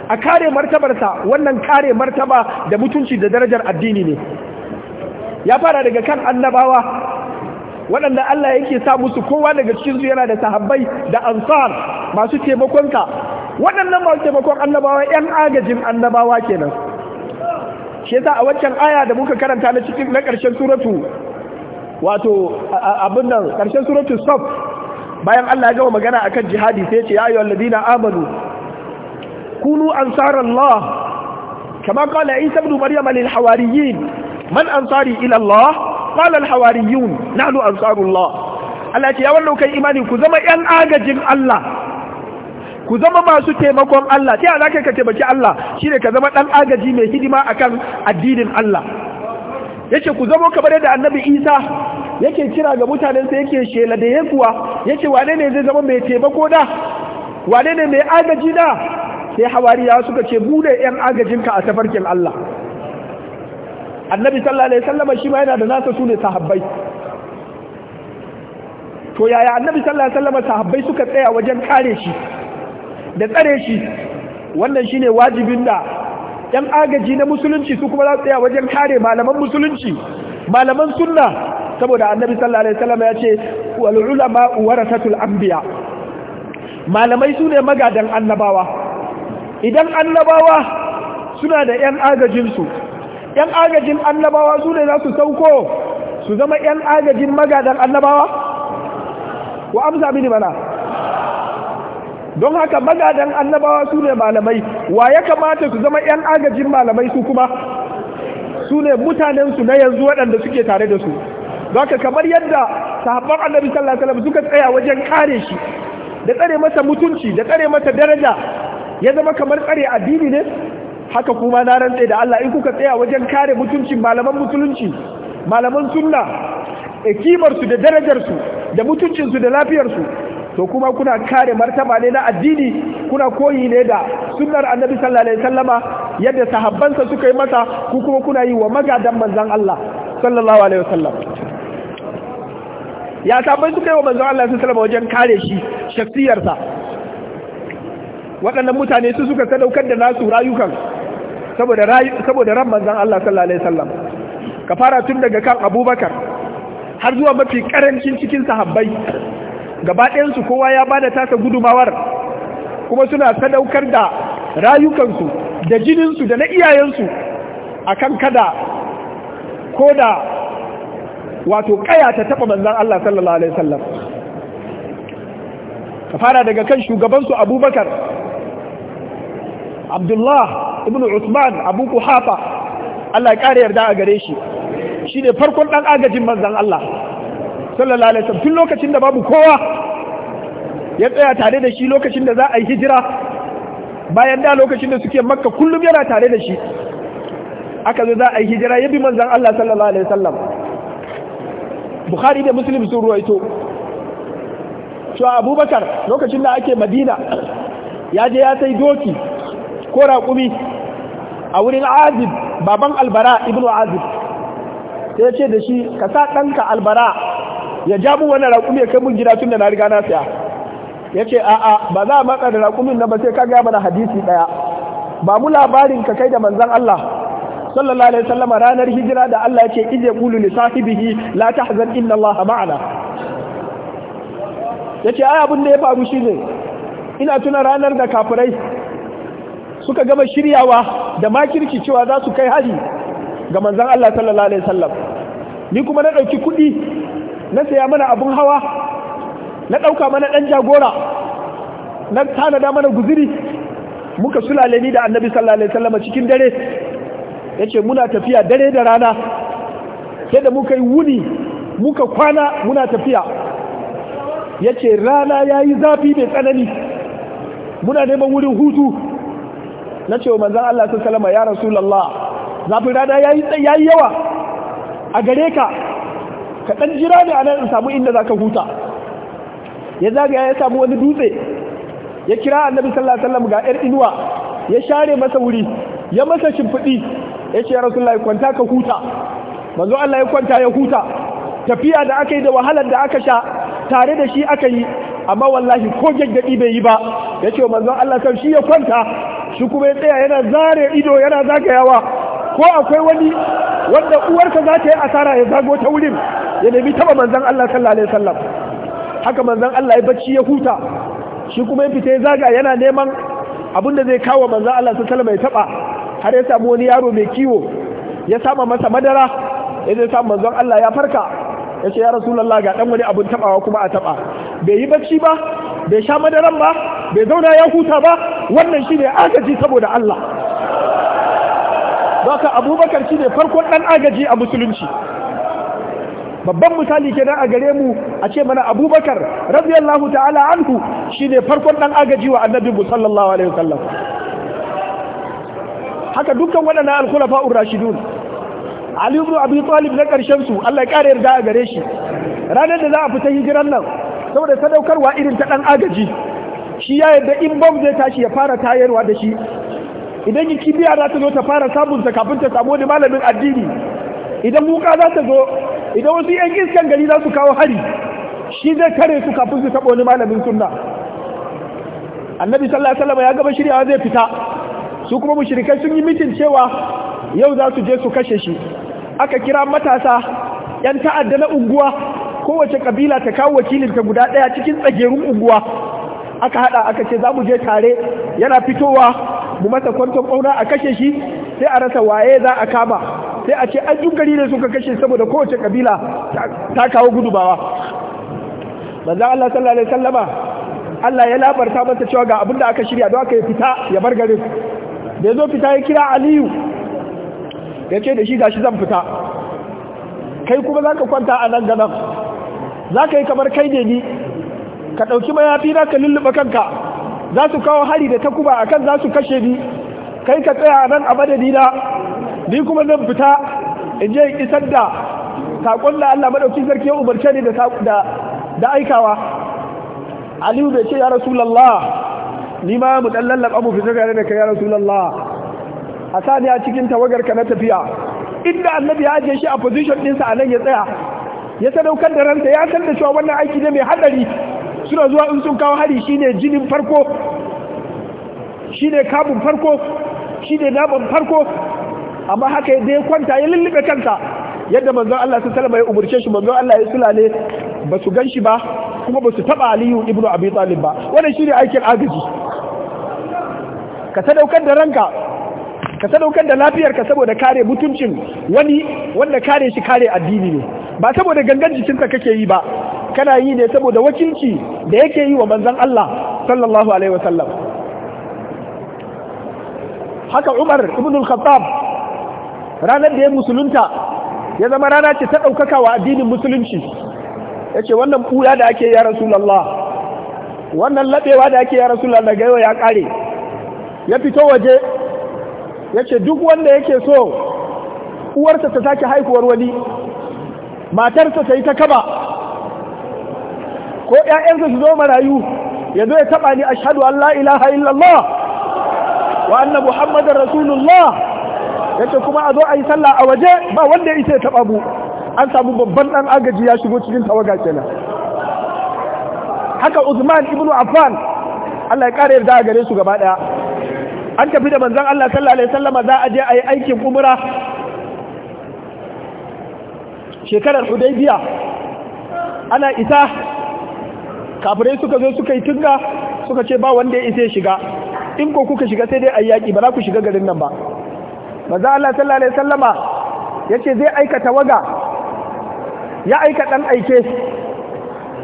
a kare martabarsa wannan kare martaba da mutunci da darajar addini ne ya fara daga kan annabawa waɗanda Allah yake sa musu kowa daga cikin su yana da sahabbai da ansar masu ka, waɗannan masu taimakon annabawa 'yan agajin annabawa kenan shi yasa a waccan aya da muka karanta na cikin na ƙarshen suratu wato abin nan ƙarshen suratu saf bayan Allah ya gama magana akan jihadi sai ya ce ya ayyuhal ladina amanu kunu ansarallah kama qala isa ibn maryam lil hawariyin man ansari ila Allah qala al hawariyun nahnu ansarullah Allah ya ce ya wallau kai imani ku zama yan agajin Allah ku zama masu taimakon Allah ta yana ka taimaki Allah shine ka zama dan agaji mai hidima akan addinin Allah yace ku zama kamar yadda annabi Isa yake kira ga mutanen sa yake shela da yakuwa yace wane ne zai zama mai taimako da wane ne mai agaji da sai hawariya suka ce bude yan agajinka a tafarkin Allah annabi sallallahu alaihi wasallam shi ma yana da nasa sune sahabbai to yaya annabi sallallahu alaihi wasallam sahabbai suka tsaya wajen kare shi da tsare shi wannan shi ne wajibin da yan agaji na musulunci su kuma za su tsaya wajen kare malaman musulunci malaman sunna saboda annabi sallallahu alaihi wasallam ya ce wal anbiya malamai su ne magadan annabawa idan annabawa suna da yan agajinsu yan agajin annabawa su ne za su sauko su zama yan agajin magadan annabawa wa amsa mini mana don haka magadan annabawa su ne malamai wa ya kamata su zama 'yan agajin malamai su kuma su ne mutanensu na yanzu waɗanda suke tare da su haka kamar yadda sahabban annabi sallallahu alaihi suka tsaya wajen kare shi da tsare masa mutunci da tsare masa daraja ya zama kamar tsare addini ne haka kuma na rantse da Allah in kuka tsaya wajen kare mutuncin malaman musulunci malaman sunna e su da darajar su da mutuncin su da lafiyar su to kuma kuna kare martaba ne na addini kuna koyi ne da sunnar annabi sallallahu alaihi wasallama yadda sahabbansa suka yi masa ku kuma kuna yi wa magadan manzon Allah sallallahu alaihi wasallam ya sabai suka yi wa manzon Allah sallallahu alaihi wajen kare shi shakhsiyarsa waɗannan mutane su suka sadaukar da nasu rayukan saboda saboda ran manzon Allah sallallahu alaihi wasallam ka fara tun daga kan Abubakar har zuwa mafi karancin cikin sahabbai gaba kowa ya ba da tasa gudumawar kuma suna sadaukar da rayukansu da jininsu da na iyayensu a kan kada ko da wato kaya ta taɓa manzan Allah sallallahu alaihi wasallam ka fara daga kan shugabansu abubakar abdullah ibn usman abu kuhafa Allah ya ƙara yarda a gare shi shi ne farkon ɗan agajin manzan Allah sallallahu alaihi wasallam tun lokacin da babu kowa ya tsaya tare da shi lokacin da za a yi hijira bayan da lokacin da suke makka kullum yana tare da shi aka zo za a yi hijira ya bi manzan Allah sallallahu alaihi wasallam Bukhari da Muslim sun ruwaito To Abubakar lokacin da ake Madina ya je ya sai doki ko raƙumi a wurin Azib baban Albara Ibnu Azib sai ce da shi ka sa danka Albara ya ja mun wannan raƙumi ya kai mun gida tun da na riga na siya ya ce a'a ba za a matsa da raƙumin na ba sai ka gaya mana hadisi ɗaya ba mu labarin ka kai da manzon Allah sallallahu alaihi wasallam ranar hijira da Allah yake ije qulu li sahibihi la tahzan inna Allah ma'ana yace ai abin da ya faru shine ina tuna ranar da kafirai suka gama shiryawa da makirci cewa za su kai hari ga manzon Allah sallallahu alaihi wasallam ni kuma na dauki kudi na saya mana abin hawa na ɗauka mana ɗan jagora na tanada mana guziri muka sulale ni da annabi sallallahu alaihi wasallam cikin dare yace muna tafiya dare da rana sai da muka yi wuni muka kwana muna tafiya yace rana yayi zafi mai tsanani muna neman wurin hutu na ce wa manzan Allah sun salama ya zafin rana ya yi yawa a gare ka ka ɗan jira ne a nan in samu inda za ka huta ya zagaya ya samu wani dutse ya kira annabi sallallahu alaihi wasallam ga yar inuwa ya share masa wuri ya masa shimfiɗi ya ce rasulullahi kwanta ka huta manzo Allah ya kwanta ya huta tafiya da aka yi da wahalar da aka sha tare da shi aka yi amma wallahi ko gaggadi bai yi ba ya ce manzo Allah kan shi ya kwanta shi kuma ya tsaya yana zare ido yana zagayawa ko akwai wani wanda uwarka za ta yi asara ya zago ta wurin ya nemi taba manzan Allah sallallahu alaihi wasallam haka manzan Allah ya bacci ya huta shi kuma ya fita ya zaga yana neman abin da zai kawo manzan Allah sallallahu alaihi wasallam ya taba har ya samu wani yaro mai kiwo ya sama masa madara ya zai samu manzan Allah ya farka ya ce ya rasulullah ga dan wani abin tabawa kuma a taba bai yi bacci ba bai sha madaran ba bai zauna ya huta ba wannan shi ne agaji saboda Allah Baka abubakar shi ne farkon ɗan agaji a musulunci babban misali nan a gare mu a ce mana abubakar radiyallahu ta'ala anhu shine farkon ɗan agaji wa annabi sallallahu alaihi wasallam haka dukkan waɗannan al-khulafa'ur rashidun Ali ibn Abi Talib na ƙarshen su Allah ya ƙara yarda a gare shi ranar da za a fita hijiran nan saboda sadaukarwa irin ta ɗan agaji shi ya yarda in bam zai tashi ya fara tayarwa da shi idan yi kimiyya za ta zo ta fara samunsa kafin ta samu wani malamin addini idan muka za ta zo idan wasu yan iskan gari za su kawo hari shi zai kare su kafin su taɓa wani malamin sunna annabi sallallahu alaihi ya gaba shiryawa zai fita su kuma mushrikai sun yi mitin cewa yau za su je su kashe shi aka kira matasa yan ta'adda na unguwa kowace kabila ta kawo wakilinta guda ɗaya cikin tsagerun unguwa aka hada aka ce za mu je tare yana fitowa mu masa kwanton kauna a kashe shi sai a rasa waye za a kama sai a ce an gari ne suka kashe saboda kowace kabila ta kawo gudubawa banzan Allah sallallahu alaihi sallama Allah ya labarta masa cewa ga abin da aka shirya don aka yi fita ya bar garin da ya zo fita ya kira aliyu ya ce da shi gashi zan fita kai kuma za ka kwanta a nan ganan za ka yi kamar kai ne ni ka ɗauki mayafi na ka lulluɓa kanka za su kawo hari da takuba kan za su kashe ni kai ka tsaya nan a na ni kuma zan fita in je in isar da saƙon da Allah madaukin sarki ya umarce ni da aikawa Aliyu bai ce ya Rasulullah ni ma mu dan lallaba mu fita tare da kai ya Rasulullah a a cikin tawagar ka na tafiya inda annabi ya ajiye shi a position ɗinsa a nan ya tsaya ya sadaukar da ranta ya san da cewa wannan aiki ne mai hadari suna zuwa in sun kawo hari shine jinin farko shine kabun farko shi ne naman farko amma haka ya dai kwanta ya lullube kansa yadda manzon Allah sun salama ya umarce shi manzon Allah ya sulale ba su gan shi ba kuma ba su taɓa aliyu Ibn abi talib ba wannan shi ne aikin agaji ka sadaukar da ranka ka sadaukar da lafiyarka saboda kare mutuncin wani wanda kare shi kare addini ne ba saboda gangan ka kake yi ba kana yi ne saboda wakilci da yake yi wa manzon Allah sallallahu alaihi wasallam haka umar ibn al-khattab ranar da ya musulunta ya zama rana ce ta ɗaukaka wa addinin musulunci ya ce wannan ɓuya da ake ya rasulallah wannan laɓewa da ake ya rasulallah ga ya ƙare ya fito waje ya ce duk wanda yake so uwarsa ta sake haihuwar wani matarsa ta yi ta kaba ko ‘ya'yansa su zo marayu ya zo ya taɓa ni ashadu an la ilaha illallah wa anna muhammadar rasulullah yace kuma a zo a yi sallah a waje ba wanda ya ce taba mu an samu babban dan agaji ya shigo cikin tawaga kenan haka Usman ibnu Affan Allah ya kare yarda a gare su gaba daya an tafi da manzon Allah sallallahu alaihi wasallama za a je a yi aikin umra shekarar Hudaybiya ana isa kafirai suka zo suka yi tunga suka ce ba wanda ya shiga in ko kuka shiga sai dai a yaƙi ba za ku shiga garin nan ba maza Allah sallallahu alaihi sallama ya ce zai aika tawaga ya aika ɗan aike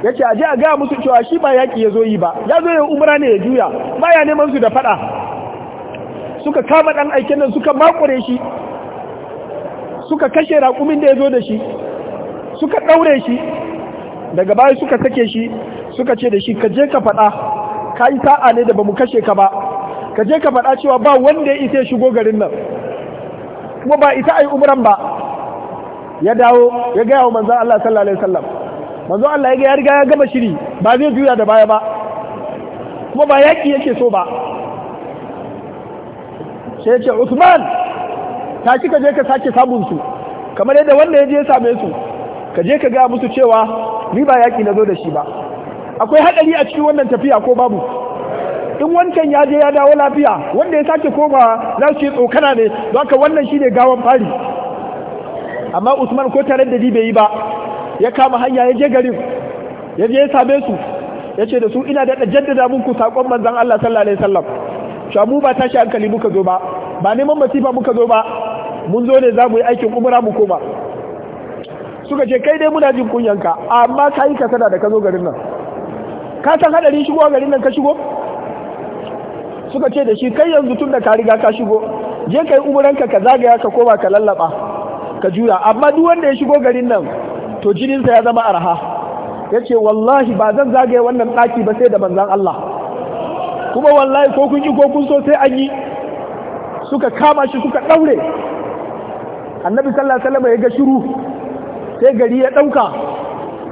ya ce a je a gaya musu cewa shi ba yaƙi ya zo yi ba ya zo ya umra ne ya juya ba ya neman su da faɗa suka kama ɗan aiken nan suka makure shi suka kashe raƙumin da ya zo da shi suka ɗaure shi daga baya suka sake shi suka ce da shi ka je ka faɗa ka yi ta'a ne da ba mu kashe ka ba ka je ka faɗa cewa ba wanda ya isa ya shigo garin nan kuma ba isa yi umran ba ya dawo ya gaya wa manzon Allah sallallahu alaihi wasallam manzon Allah ya ga ya riga ya gama shiri ba zai juya da baya ba kuma ba yaki yake so ba sai ce Usman ta ka je ka sake samun su kamar yadda wanda ya je ya same su ka je ka gaya musu cewa ni ba yaki na zo da shi ba akwai haɗari a cikin wannan tafiya ko babu in wancan ya je ya dawo lafiya wanda ya sake koma za su yi tsokana ne haka wannan shine gawan fari amma usman ko tare da bai yi ba ya kama hanya ya je garin ya je ya same su ya ce da su ina da jaddada muku sakon manzan Allah sallallahu alaihi wasallam shamu ba hankali muka zo ba ba neman masifa muka zo ba mun zo ne za mu yi aikin umra mu koma suka ce kai dai muna jin kunyanka amma ka yi kasada da ka zo garin nan ka san hadari shigo garin nan ka shigo suka ce da shi kai yanzu tun da ka riga ka shigo je kai umuranka ka zagaya ka koma ka lallaba ka jura amma duk wanda ya shigo garin nan to jininsa ya zama arha ya ce wallahi ba zan zagaya wannan ɗaki ba sai da manzan Allah kuma wallahi ko kun yi ko kun so sai an yi suka kama shi suka ɗaure annabi sallallahu alaihi wasallam ya ga shiru sai gari ya ɗauka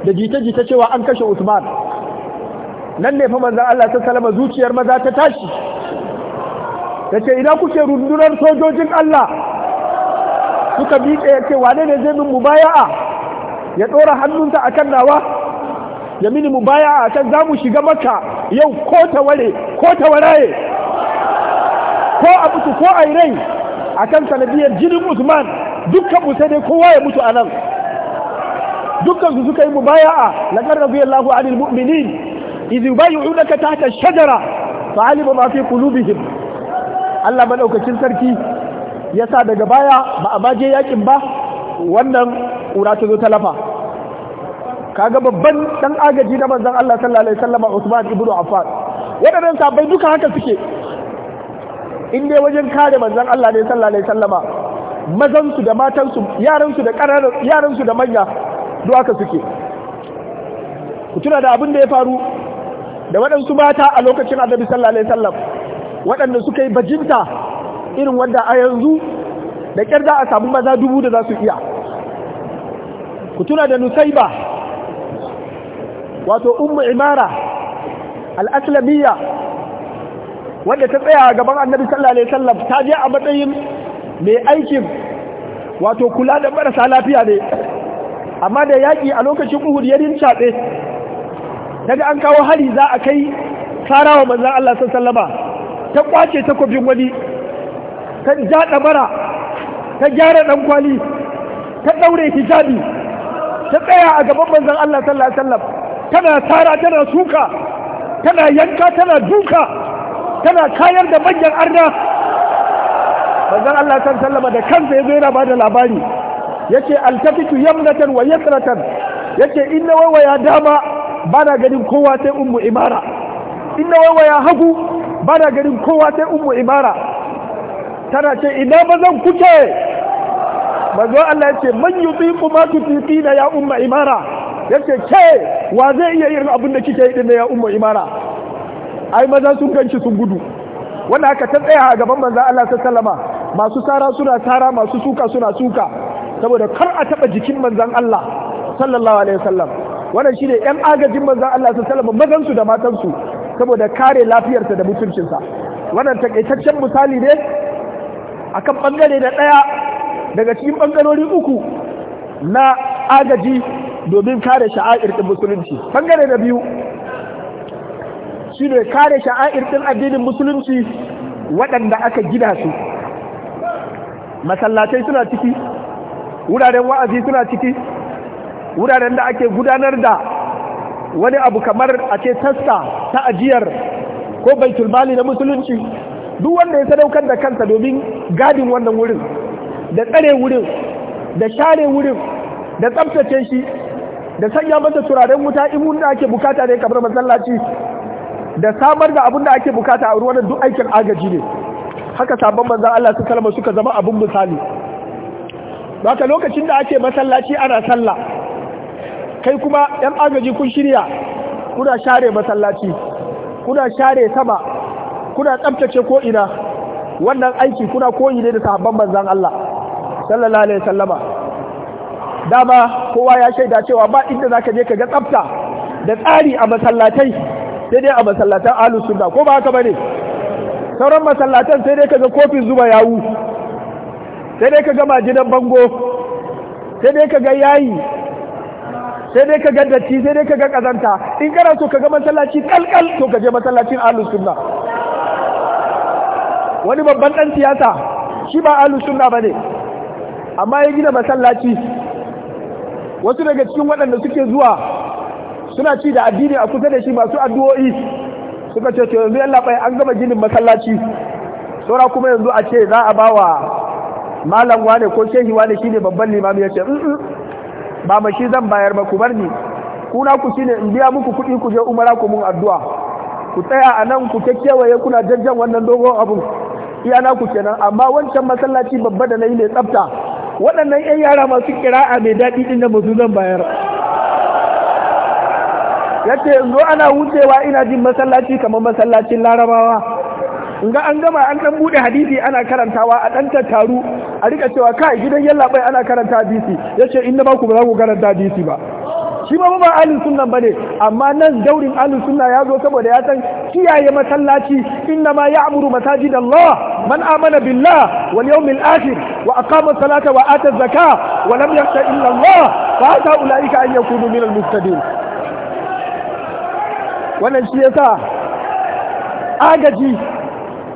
da jita-jita cewa an kashe Usman nan ne fa manzan Allah ta salama zuciyar maza ta tashi ta ce ina kuke rundunar sojojin Allah suka biƙe ya ce wane ne zai min mubaya'a ya ɗora hannunsa a kan nawa ya mini mubaya'a a za mu shiga maka yau ko ta ware ko ta waraye ko a mutu ko a yi rai a kan sanadiyar jinin usman dukkan mu sai dai kowa ya mutu a nan dukkan su suka yi mubaya'a laqad radiyallahu anil mu'minin idh yubayyi'unaka tahta ash-shajara fa'alima ma fi qulubihim Allah maɗaukacin sarki ya sa daga baya ba a maje yakin ba wannan ƙura ta zo talafa kaga babban ɗan agaji na manzan Allah sallallahu alaihi wasallam Usman ibn Affan waɗannan sabai duka haka suke in dai wajen kare manzan Allah ne sallallahu alaihi wasallama mazan su da matan su yaran su da ƙananan yaran su da manya duka haka suke ku tuna da abin da ya faru da waɗansu mata a lokacin Annabi sallallahu alaihi wasallam waɗanda suka yi bajinta irin wanda a yanzu da ƙyar za a samu maza dubu da za su iya ku tuna da nusaiba wato umu imara al'aslamiyya wadda ta tsaya a gaban annabi sallallahu alaihi wasallam ta je a matsayin mai aikin wato kula da marasa lafiya ne amma da yaƙi a lokacin uhud ya rincaɓe daga an kawo hari za a kai tsarawa manzan Allah sallama ta kwace takobin wani ta ja mara ta gyara ɗan kwali ta ɗaure hijabi ta tsaya a gaban manzan Allah sallallahu alaihi tana tara tana suka tana yanka tana duka tana kayar da manyan arna manzon Allah sallallahu alaihi da kansa ya zo yana bada labari yace altafitu yamnatan wa yasratan yace inna waya dama bana ganin kowa sai ummu imara inna waya hagu ba da garin kowa sai umu ibara tana ce ina ba zan kuke manzo Allah ya ce man yuti kuma tuti na ya umma ya yace ke wa zai iya yin abin da kike yi din ya umma imara ai maza sun ganci sun gudu wanda aka ta tsaya a gaban manzo Allah sallama masu sara suna sara masu suka suna suka saboda kar a taba jikin manzan Allah sallallahu alaihi wasallam wannan shine yan agajin manzan Allah sallallahu alaihi wasallam mazan su da matan su saboda kare lafiyarsa da mutuncinsa wannan takaitaccen misali ne akan ɓangare da ɗaya daga cikin bangarori uku na agaji domin kare sha'air ɗin musulunci bangare da biyu shine kare sha'air ɗin addinin musulunci waɗanda aka gina su masallatai suna ciki wuraren wa'azi suna ciki wuraren da ake gudanar da wani abu kamar a ce tasta ta ajiyar ko bai mali na musulunci duk wanda ya sadaukar da kansa domin gadin wannan wurin da tsare wurin da share wurin da tsabtace shi da sanya masa turaren wuta imun da ake bukata ne kamar masallaci da samar da abin da ake bukata a ruwanar duk aikin agaji ne haka sabon manzan Allah su kalma suka zama abin misali ka lokacin da ake masallaci ana sallah kai kuma yan agaji kun shirya kuna share masallaci kuna share sama kuna tsabtace ko wannan aiki kuna koyi ne da sahabban manzon Allah sallallahu alaihi wasallama dama kowa ya shaida cewa ba inda zaka je ka ga tsabta da tsari a masallatai sai dai a masallatan ahlus sunna ko ba haka bane sauran masallatan sai dai ka ga kofin zuba yawu sai dai ka gama majinan bango sai dai ka ga yayi sai dai ka ga datti sai dai ka ga kazanta in kana so ka ga masallaci kalkal to ka je masallacin ahlus sunna wani babban dan siyasa shi ba ahlus sunna bane amma ya gina masallaci wasu daga cikin waɗanda suke zuwa suna ci da addini a kusa da shi masu addu'o'i suka ce to yanzu yalla bai an gama ginin masallaci saura kuma yanzu a ce za a bawa malam wane ko shehi wane shine babban limami ya ce ba ma shi zan bayar ba ku bar ni kuna ku shine in biya muku kuɗi ku je umara ku mun addu'a ku tsaya a nan ku kekewaye kuna jajjan wannan dogon abun iyana ku kenan amma wancan masallaci babba da nayi ne tsafta waɗannan 'yan yara masu kira'a mai daɗi ɗin da musu zan bayar yace in zo ana wucewa ina jin masallaci kamar masallacin larabawa in ga an gama an dan bude hadisi ana karantawa a dan tattaru a rika cewa kai gidan yallaɓai ana karanta hadisi yace in na baku ba za ku karanta hadisi ba shi ba ba ahlus sunna bane amma nan daurin ahlus sunna ya zo saboda ya san kiyaye masallaci inna ma ya'muru masajid Allah man amana billah wal yawmil akhir wa aqama salata wa ata zakah wa lam yakhsha illa Allah fa hada ulaika an yakunu min al muhtadin wannan shi yasa agaji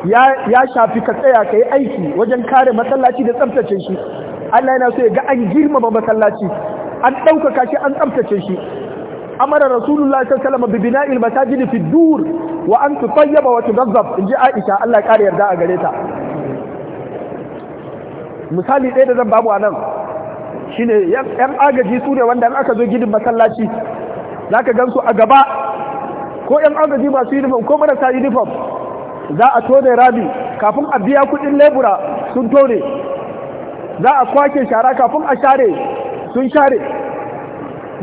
ya shafi ka tsaya ka yi aiki wajen kare masallaci da tsabtace shi Allah yana so ya ga an girmama masallaci an ɗaukaka shi an tsabtace shi amara rasulullah sallallahu alaihi wasallam bi masajid fi dur wa an wata wa In ji Aisha Allah ya kare yarda a gare ta misali ɗaya da zan babu a nan ne yan agaji su ne wanda aka zo gidin masallaci ka gan su a gaba ko yan agaji masu uniform ko marasa uniform za a tone rabi kafin a biya kudin lebura sun tone za a kwake shara kafin a share sun share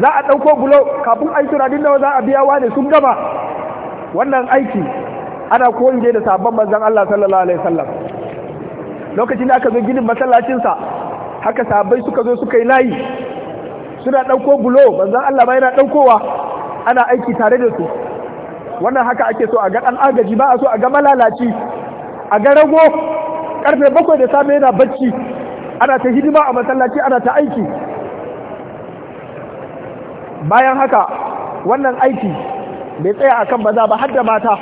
za a ɗauko bulo kafin a yi tunanin nawa za a biya wane sun gama wannan aiki ana koyi ne da sabon manzan Allah sallallahu alaihi wasallam lokacin da aka zo ginin masallacinsa haka sabai suka zo suka yi layi suna ɗauko bulo manzan Allah ma yana ɗaukowa ana aiki tare da su wannan haka ake so a ga ɗan agaji ba a so a ga malalaci a ga rago Ƙarfe bakwai da safe yana bacci ana ta hidima a masallaci ana ta aiki bayan haka wannan aiki bai tsaya a kan maza ba har da mata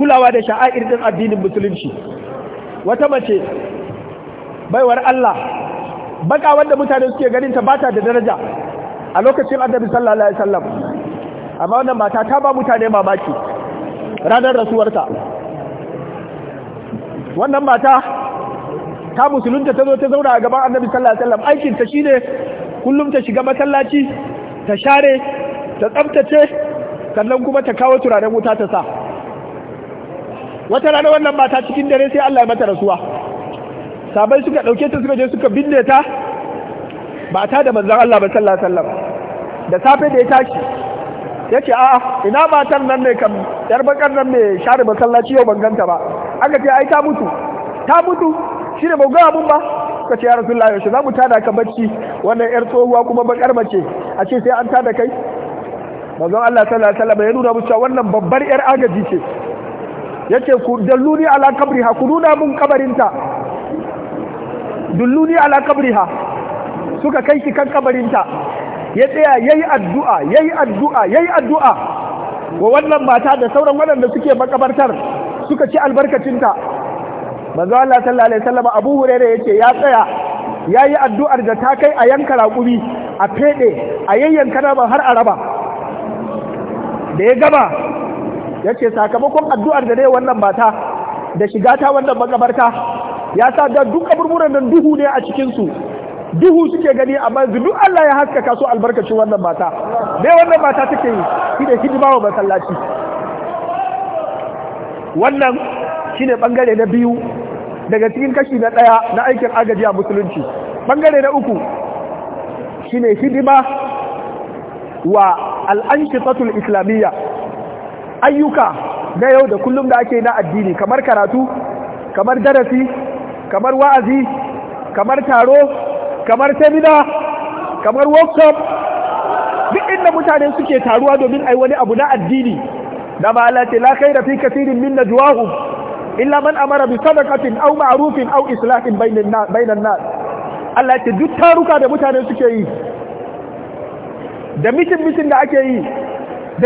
kulawa da sha'air ɗin addinin musulunci wata mace baiwar Allah baka wanda mutane suke ganin ta bata da daraja a lokacin annabi sallallahu alaihi wasallam amma wannan mata ta ba mutane mamaki ranar rasuwarta wannan mata ta musulunta ta zo ta zauna a gaban annabi sallallahu alaihi wasallam aikin ta shine kullum ta shiga masallaci ta share ta tsaftace sannan kuma ta kawo turaren wuta ta sa wata rana wannan mata cikin dare sai Allah ya mata rasuwa sabai suka dauke ta suka je suka binne ta ba ta da manzon Allah ba sallallahu alaihi wasallam da safe da ya tashi ya ce a'a ina matan nan ne kam yar bakar nan ne share masallaci yau ban ganta ba aka ce ai ta mutu ta mutu shi ne ban ga abun ba ka ce ya rasulullahi yaushe za mu tada ka bacci wannan yar tsohuwa kuma bakar mace a ce sai an tada kai manzon Allah sallallahu alaihi wasallam ya nuna musu wannan babbar yar agaji ce yace ku dalluni ala kabriha ku nuna mun kabarinta dulluni ala kabriha suka kai shi kan kabarinta ya tsaya ya yi addu'a ya yi addu'a ya yi addu'a wa wannan mata da sauran waɗanda suke makabartar suka ci albarkacinta manzo Allah sallallahu alaihi wasallam Abu Hurairah yace ya tsaya yayi addu'ar da ta kai a yanka raƙumi a fede a yayyanka naman har a raba da ya gaba yace sakamakon addu'ar da dai wannan mata da shiga ta wannan makabarta ya sa da duk kaburburan nan duhu ne a cikin su duhu suke gani a amma duk Allah ya haskaka su albarkacin wannan mata dai wannan mata take yi shi da hidima wa masallaci wannan shine bangare na biyu daga cikin kashi na ɗaya na aikin agaji a musulunci bangare na uku shine hidima wa al'anshitatul islamiyya ayyuka na yau da kullum da ake na addini kamar karatu kamar darasi kamar wa'azi kamar taro kamar seminar kamar workshop duk inda mutane suke taruwa domin ai wani abu na addini da ba Allah ce la da fi kathirin min najwahum illa man amara bi sadaqatin aw ma'rufin aw islahin bainan bainan nas Allah ce duk taruka da mutane suke yi da mitin mitin da ake yi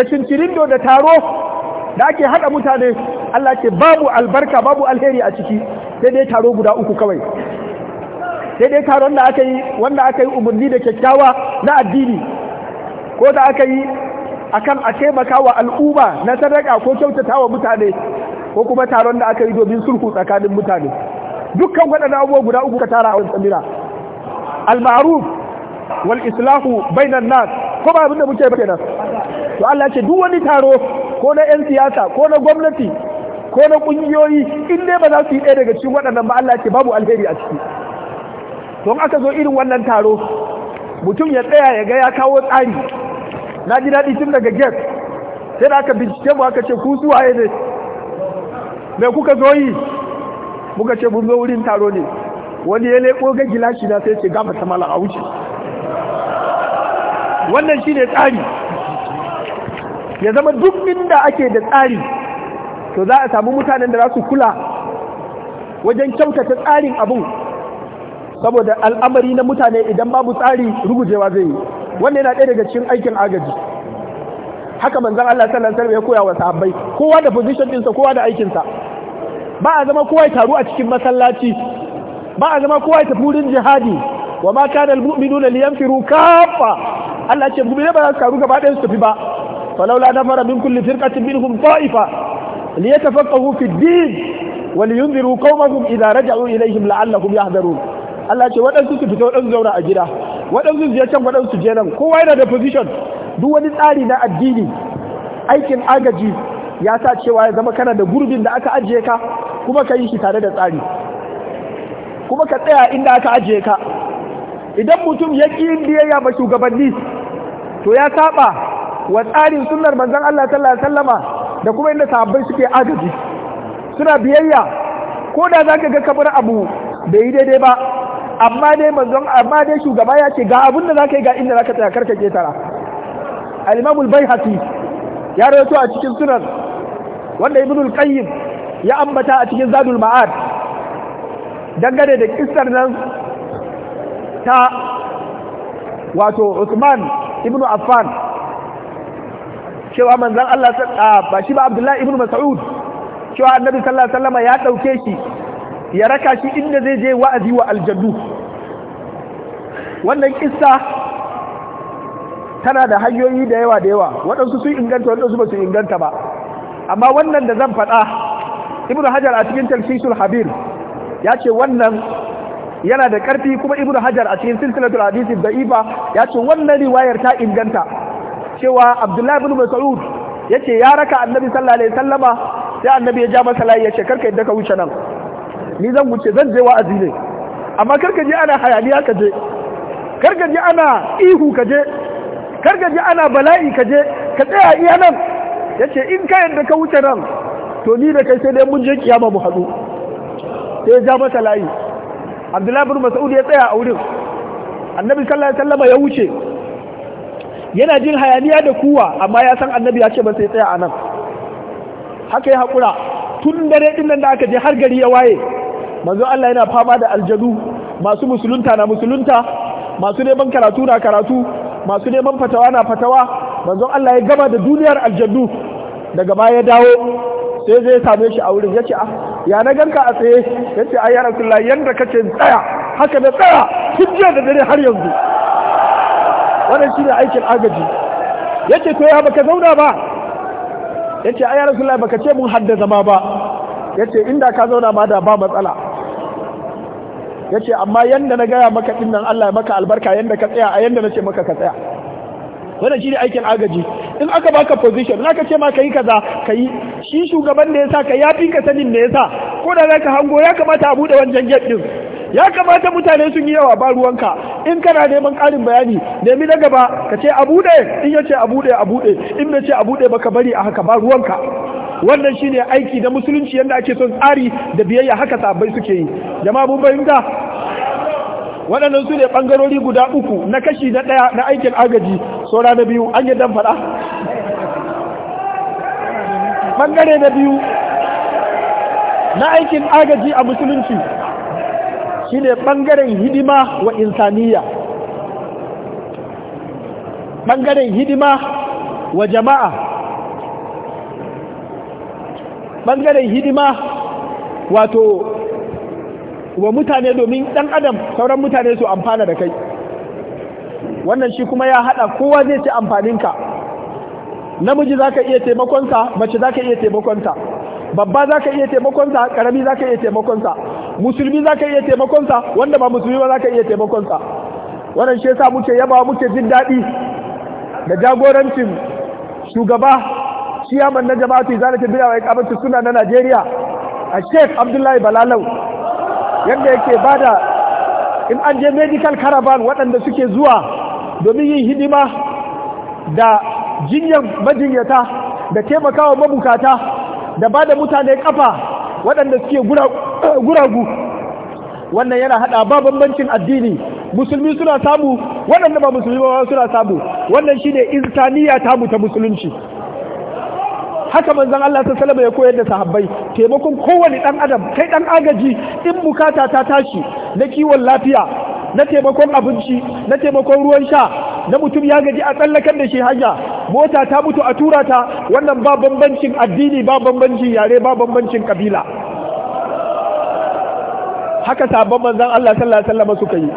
da cincirindo da taro da ake hada mutane Allah ce babu albarka babu alheri a ciki sai dai taro guda uku kawai sai dai kare wanda aka yi wanda aka yi umarni da kyakkyawa na addini ko da aka yi akan a taimaka wa al'umma na sadaka ko kyautata wa mutane ko kuma taron da aka yi domin sulhu tsakanin mutane dukkan waɗannan abubuwa guda uku ka tara a wani tsamira al-ma'ruf wal islahu bainan nas ko ba abin da muke ba kenan to Allah ce duk wani taro ko na yan siyasa ko na gwamnati ko na kungiyoyi in dai ba za su yi ɗaya daga cikin waɗannan ba Allah ce babu alheri a ciki don aka zo irin wannan taro mutum ya tsaya ya ga ya kawo tsari na ji daɗi tun daga get sai da aka bincike mu aka ce ku zuwa ne me kuka zo yi muka ce mun zo wurin taro ne wani ya leƙo ga gilashi na sai ce gafa ta mala a wuce wannan shi ne tsari ya zama duk inda ake da tsari to za a samu mutanen da za su kula wajen kyautata tsarin abun saboda al'amari na mutane idan babu tsari rugujewa zai yi wanda yana ɗaya daga cikin aikin agaji haka manzan Allah sallallahu alaihi ya koya wa sahabbai kowa da position ɗinsa kowa da aikinsa ba a zama kowa ya taru a cikin masallaci ba a zama kowa ya tafi wurin jihadi wa ma kana almu'minuna firu kafa. Allah ce mu'mini ba su taru gaba ɗayan su tafi ba falaula nafara min kulli firqatin minhum ta'ifa liyatafaqahu fi ad-din ولينذروا قومهم إذا رجعوا إليهم لعلهم يحذرون Allah ce waɗansu su fita waɗansu zauna a gida waɗansu su je can waɗansu je kowa yana da position duk wani tsari na addini aikin agaji ya sa cewa ya zama kana da gurbin da aka ajiye ka kuma ka yi shi tare da tsari kuma ka tsaya inda aka ajiye ka idan mutum ya ƙi yin biyayya ba shugabanni to ya saba wa tsarin sunnar manzon Allah sallallahu alaihi wasallama da kuma inda sahabbai suke agaji suna biyayya ko da zaka ga kabar abu bai yi daidai ba amma dai manzon amma dai shugaba ya ce ga abin da zaka yi ga inda zaka tsaya karka tara al-imam al-baihaqi ya rawaito a cikin sunan wanda ibn al-qayyim ya ambata a cikin zadul ma'ad dangane da kissar nan ta wato Uthman ibn Affan cewa manzon Allah ba shi ba Abdullahi ibn Mas'ud cewa Annabi sallallahu alaihi wasallam ya dauke shi ya raka shi inda zai je wa'azi wa aljadu. wannan kissa tana da hanyoyi da yawa da yawa waɗansu sun inganta waɗansu ba su inganta ba amma wannan da zan faɗa ibnu hajar a cikin talfisul habir ya ce wannan yana da ƙarfi kuma ibnu hajar a cikin silsilatul hadisi da ifa ya ce wannan riwayar ta inganta cewa abdullahi ibn mas'ud yace ya raka annabi sallallahu alaihi wasallama sai annabi ya ja masa layi ya ce karka yadda ka wuce nan ni zan wuce zan je wa'azi ne amma karka je ana hayaniya ka je karka je ana ihu ka je karka je ana bala'i ka je ka tsaya iya nan yace in ka yadda ka wuce nan to ni da kai sai dai mun je kiyama mu haɗu sai ja masa layi abdullahi bin mas'ud ya tsaya a wurin annabi sallallahu alaihi wasallam ya wuce yana jin hayaniya da kuwa amma ya san annabi ya ce ba sai tsaya a nan haka ya haƙura tun dare ɗin nan da aka je har gari ya waye manzo Allah yana fama da aljadu masu musulunta na musulunta masu neman karatu na karatu masu neman fatawa na fatawa manzo Allah ya gama da duniyar aljadu daga baya dawo sai zai same shi a wurin ya ce ah ya na ganka a tsaye ya ce ayyar rasulullah yadda kace tsaya haka da tsaya tun jiya da dare har yanzu wannan shi ne aikin agaji ya ce to ya baka zauna ba ya ce ayyar rasulullah baka ce mun hadda zama ba ya ce inda ka zauna ma da ba matsala yace amma yanda na gaya maka din nan Allah ya maka albarka yanda ka tsaya a yanda nace maka ka tsaya wannan shine aikin agaji in aka baka position in aka ce ma kai kaza kai shi shugaban da yasa ka yafi ka sanin da yasa ko da zaka hango ya kamata a bude wancan gate din ya kamata mutane sun yi yawa ba ruwanka in kana neman ƙarin bayani nemi na gaba ka ce a buɗe in ya ce a buɗe a buɗe in bai ce a bude ba ka bari a haka ba ruwanka wannan shine aiki da musulunci yadda ake son tsari da biyayya haka sabai suke yi jama'a mun fahimta waɗannan su ne ɓangarori guda uku na kashi na ɗaya na aikin agaji saura na biyu an yi dan faɗa ɓangare na biyu na aikin agaji a musulunci shi ne ɓangaren hidima wa insaniya ɓangaren hidima wa jama'a ɓangaren hidima wato wa mutane domin ɗan adam sauran mutane su amfana da kai wannan shi kuma ya haɗa kowa zai ci amfaninka namiji za ka iya taimakonsa mace za ka iya taimakonsa. babba za ka iya taimakonsa ƙarami za ka iya taimakonsa musulmi za ka iya taimakonsa wanda ba musulmi ba za ka iya taimakonsa wannan shi yasa muke yaba muke jin daɗi da jagorancin shugaba shi ciyaman na jama'atu izalatul bid'a wa iqamatu suna na Najeriya a Sheikh Abdullahi Balalau yadda yake da in an je medical caravan waɗanda suke zuwa domin yin hidima da jinyar majinyata da taimakawa mabukata da ba da mutane kafa waɗanda suke guragu wannan yana hada ba bambancin addini musulmi suna samu waɗanda ba musulmi ba suna samu wannan shi ne insaniya tamu ta musulunci haka manzan Allah ta salama ya koyar da sahabbai taimakon kowane dan adam kai dan agaji in bukata ta tashi na kiwon lafiya na taimakon abinci na taimakon ruwan sha na mutum ya gaji a tsallakan da shi hanya mota ta mutu a tura ta wannan ba bambancin addini ba bambancin yare ba bambancin kabila haka sabon manzon Allah sallallahu alaihi suka yi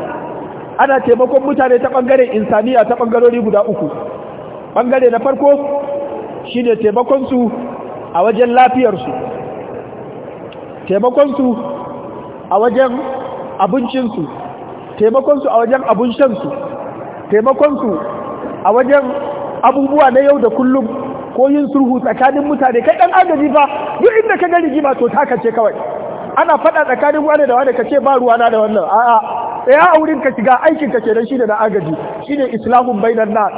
ana taimakon mutane ta bangaren insaniya ta bangarori guda uku bangare na farko shine taimakon su a wajen lafiyar su a wajen abincinsu su a wajen abun shan su a wajen abubuwa na yau da kullum ko yin sulhu tsakanin mutane kai ɗan agaji ba duk inda ka ga gima to taka ce kawai ana faɗa tsakanin wani da wani ka ce ba ruwa na da wannan a'a tsaya a wurin ka shiga aikin ka shi da na agaji Shi shine islahun bainan na.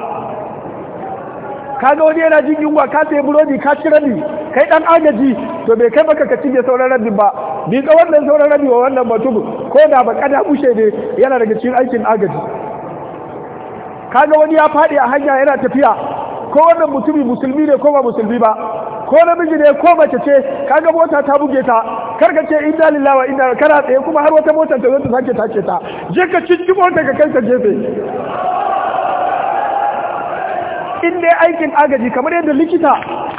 Ka ga wani yana jin yunwa ka sai burodi ka ci rabi kai dan agaji to bai kai baka ka cinye sauran rabi ba bi ga wannan sauran rabi wa wannan batu ko da ba kada bushe ne yana daga cikin aikin agaji Ka ga wani ya faɗi a hanya yana tafiya ko wannan mutumi musulmi ne ko ba musulmi ba ko namiji ne ko mace ce ka ga mota ta buge ta karka ce inna lillahi wa inna kana tsaye kuma har wata mota ta zo ta sake tace ta je ka cikin mota ka kai ka gefe in dai aikin agaji kamar yadda likita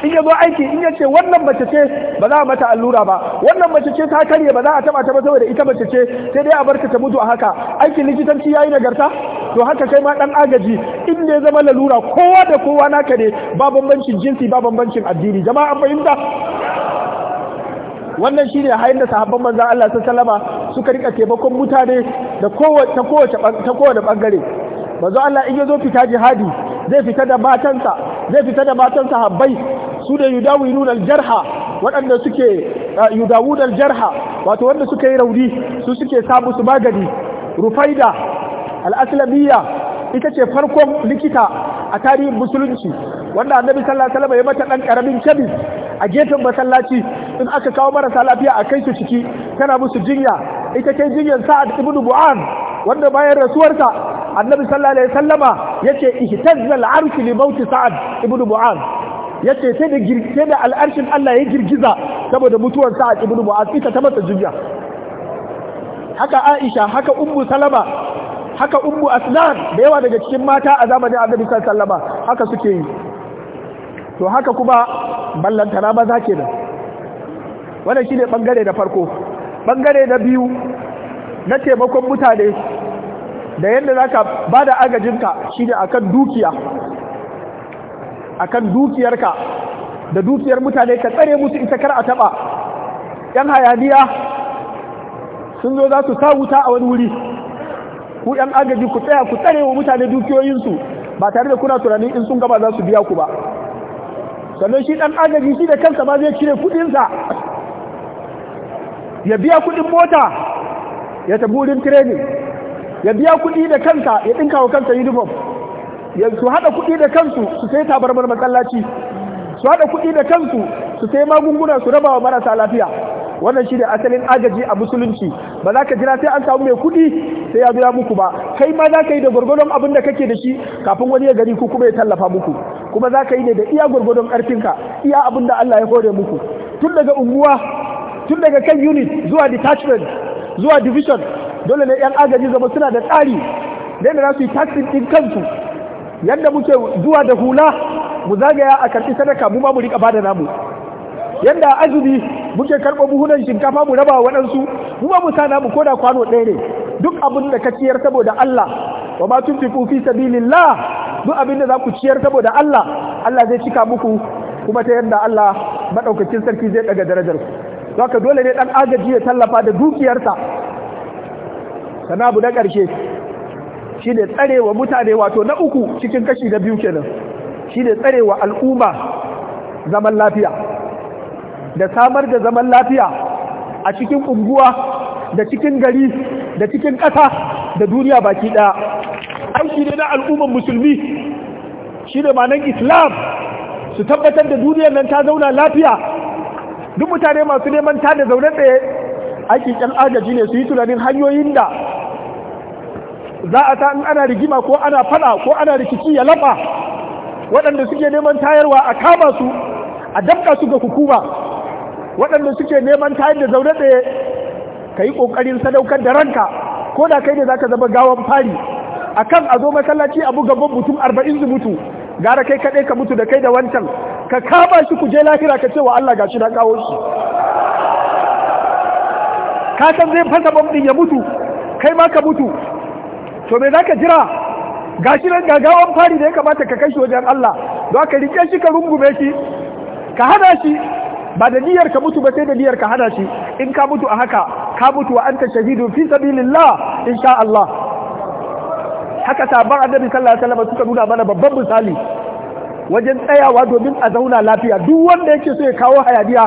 in ya aiki in ya ce wannan mace ce ba za a mata allura ba wannan mace ce ta karye ba za a taba ta ba saboda ita mace ce sai dai a barka ta mutu a haka aikin likitanci yayi nagarta to haka kai ma dan agaji in dai zama lalura kowa da kowa naka ne ba bambancin jinsi ba bambancin addini jama'a fahimta wannan shine hayin da sahabban manzon Allah sallallahu alaihi suka rika taimakon mutane da kowace ta kowace ta kowace bangare manzo Allah in ya zo fita jihadi zai fita da matansa zai fita da matansa habbai su da yudawinun jarha waɗanda suke ah, yudawun jarha wato wanda suka yi rauni su suke samu su magani rufaida al'aslamiyya ita ce farkon likita a tarihin musulunci wanda annabi sallallahu alaihi wasallam ya mata dan karamin kabi a gefen masallaci in aka kawo marasa lafiya a kai su ciki tana musu jinya ita ce jinyar sa'ad ibn bu'an wanda bayan rasuwarsa annabi sallallahu alaihi wasallama yace ihtazza al-arsh li maut sa'ad ibn bu'an yace sai da girgize da al'arshin Allah ya girgiza saboda mutuwar sa'ad ibn bu'an ita ta masa jinya haka Aisha haka ummu salama haka ummu aslan da yawa daga cikin mata a zamanin annabi sallallahu alaihi wasallama haka suke yi to haka kuma ballantana maza kenan wannan shine bangare da farko bangare na biyu na taimakon mutane da yadda za ka ba da agajinka shi ne akan dukiya akan dukiyarka da dukiyar mutane ka tsare musu ita kar a taba yan hayaniya sun zo za su sa wuta a wani wuri ku yan agaji ku tsaya ku tsare wa mutane dukiyoyinsu ba tare da kuna tunanin in sun gaba za su biya ku ba sannan shi ɗan agaji shi da kansa ba zai cire kudinsa ya biya kudin mota ya tafi wurin ya biya kudi da kanta ya dinka wa kansa uniform ya su hada kudi da kansu su sai tabarmar masallaci su hada kudi da kansu su sai magunguna su raba wa marasa lafiya wannan shi ne asalin agaji a musulunci ba za ka jira sai an samu mai kudi sai ya biya muku ba kai ma za ka yi da gwargwadon abin da kake da shi kafin wani ya gani ku kuma ya tallafa muku kuma za ka yi ne da iya gwargwadon karfinka iya abin da Allah ya hore muku tun daga unguwa tun daga kan unit zuwa detachment zuwa division dole ne yan agaji zama suna da tsari da yana su yi taxin ɗin kansu yadda muke zuwa da hula mu zagaya a karɓi sadaka mu ma mu rika bada namu yadda azumi muke karɓo buhunan shinkafa mu raba waɗansu mu ma mu sa namu ko da kwano ɗaya ne duk abin da ka ciyar saboda Allah wa ma tun fi sabilillah duk abin da za ku ciyar saboda Allah Allah zai cika muku kuma ta yadda Allah maɗaukacin sarki zai ɗaga darajar ku haka dole ne dan agaji ya tallafa da dukiyarsa sana abu na ƙarshe shi ne tsarewa mutane wato na uku cikin kashi na biyu kenan shi ne tsarewa al'umma zaman lafiya da samar da zaman lafiya a cikin unguwa da cikin gari da cikin ƙasa da duniya baki ɗaya aiki ne na al'umman musulmi shi ne manan islam su tabbatar da duniyar nan ta zauna lafiya duk mutane masu neman ta da zaune tsaye aikin ƙyan agaji ne su yi tunanin hanyoyin da za a ta in ana rigima ko ana fada ko ana rikici ya lafa waɗanda suke neman tayarwa a kama su a dabka su ga hukuma waɗanda suke neman tayar da zaune tsaye ka yi ƙoƙarin sadaukar da ranka ko da kai ne za ka zama gawan fari a kan a zo masallaci a buga mutum arba'in su gara kai kaɗai ka mutu da kai da wancan ka kama shi ku lahira ka ce wa Allah gashi na kawo shi ka san zai fasa bam ya mutu kai ma ka mutu to me ka jira gashi nan gagawan fari da ya kamata ka kai shi wajen Allah don ka rike shi ka rungume shi ka hana shi ba da niyyar ka mutu ba sai da niyyar ka hana shi in ka mutu a haka ka mutu wa anta shahidu fi sabilillah insha Allah haka sabon annabi sallallahu alaihi wasallam suka nuna mana babban misali wajen tsayawa domin a zauna lafiya duk wanda yake so ya kawo hayaniya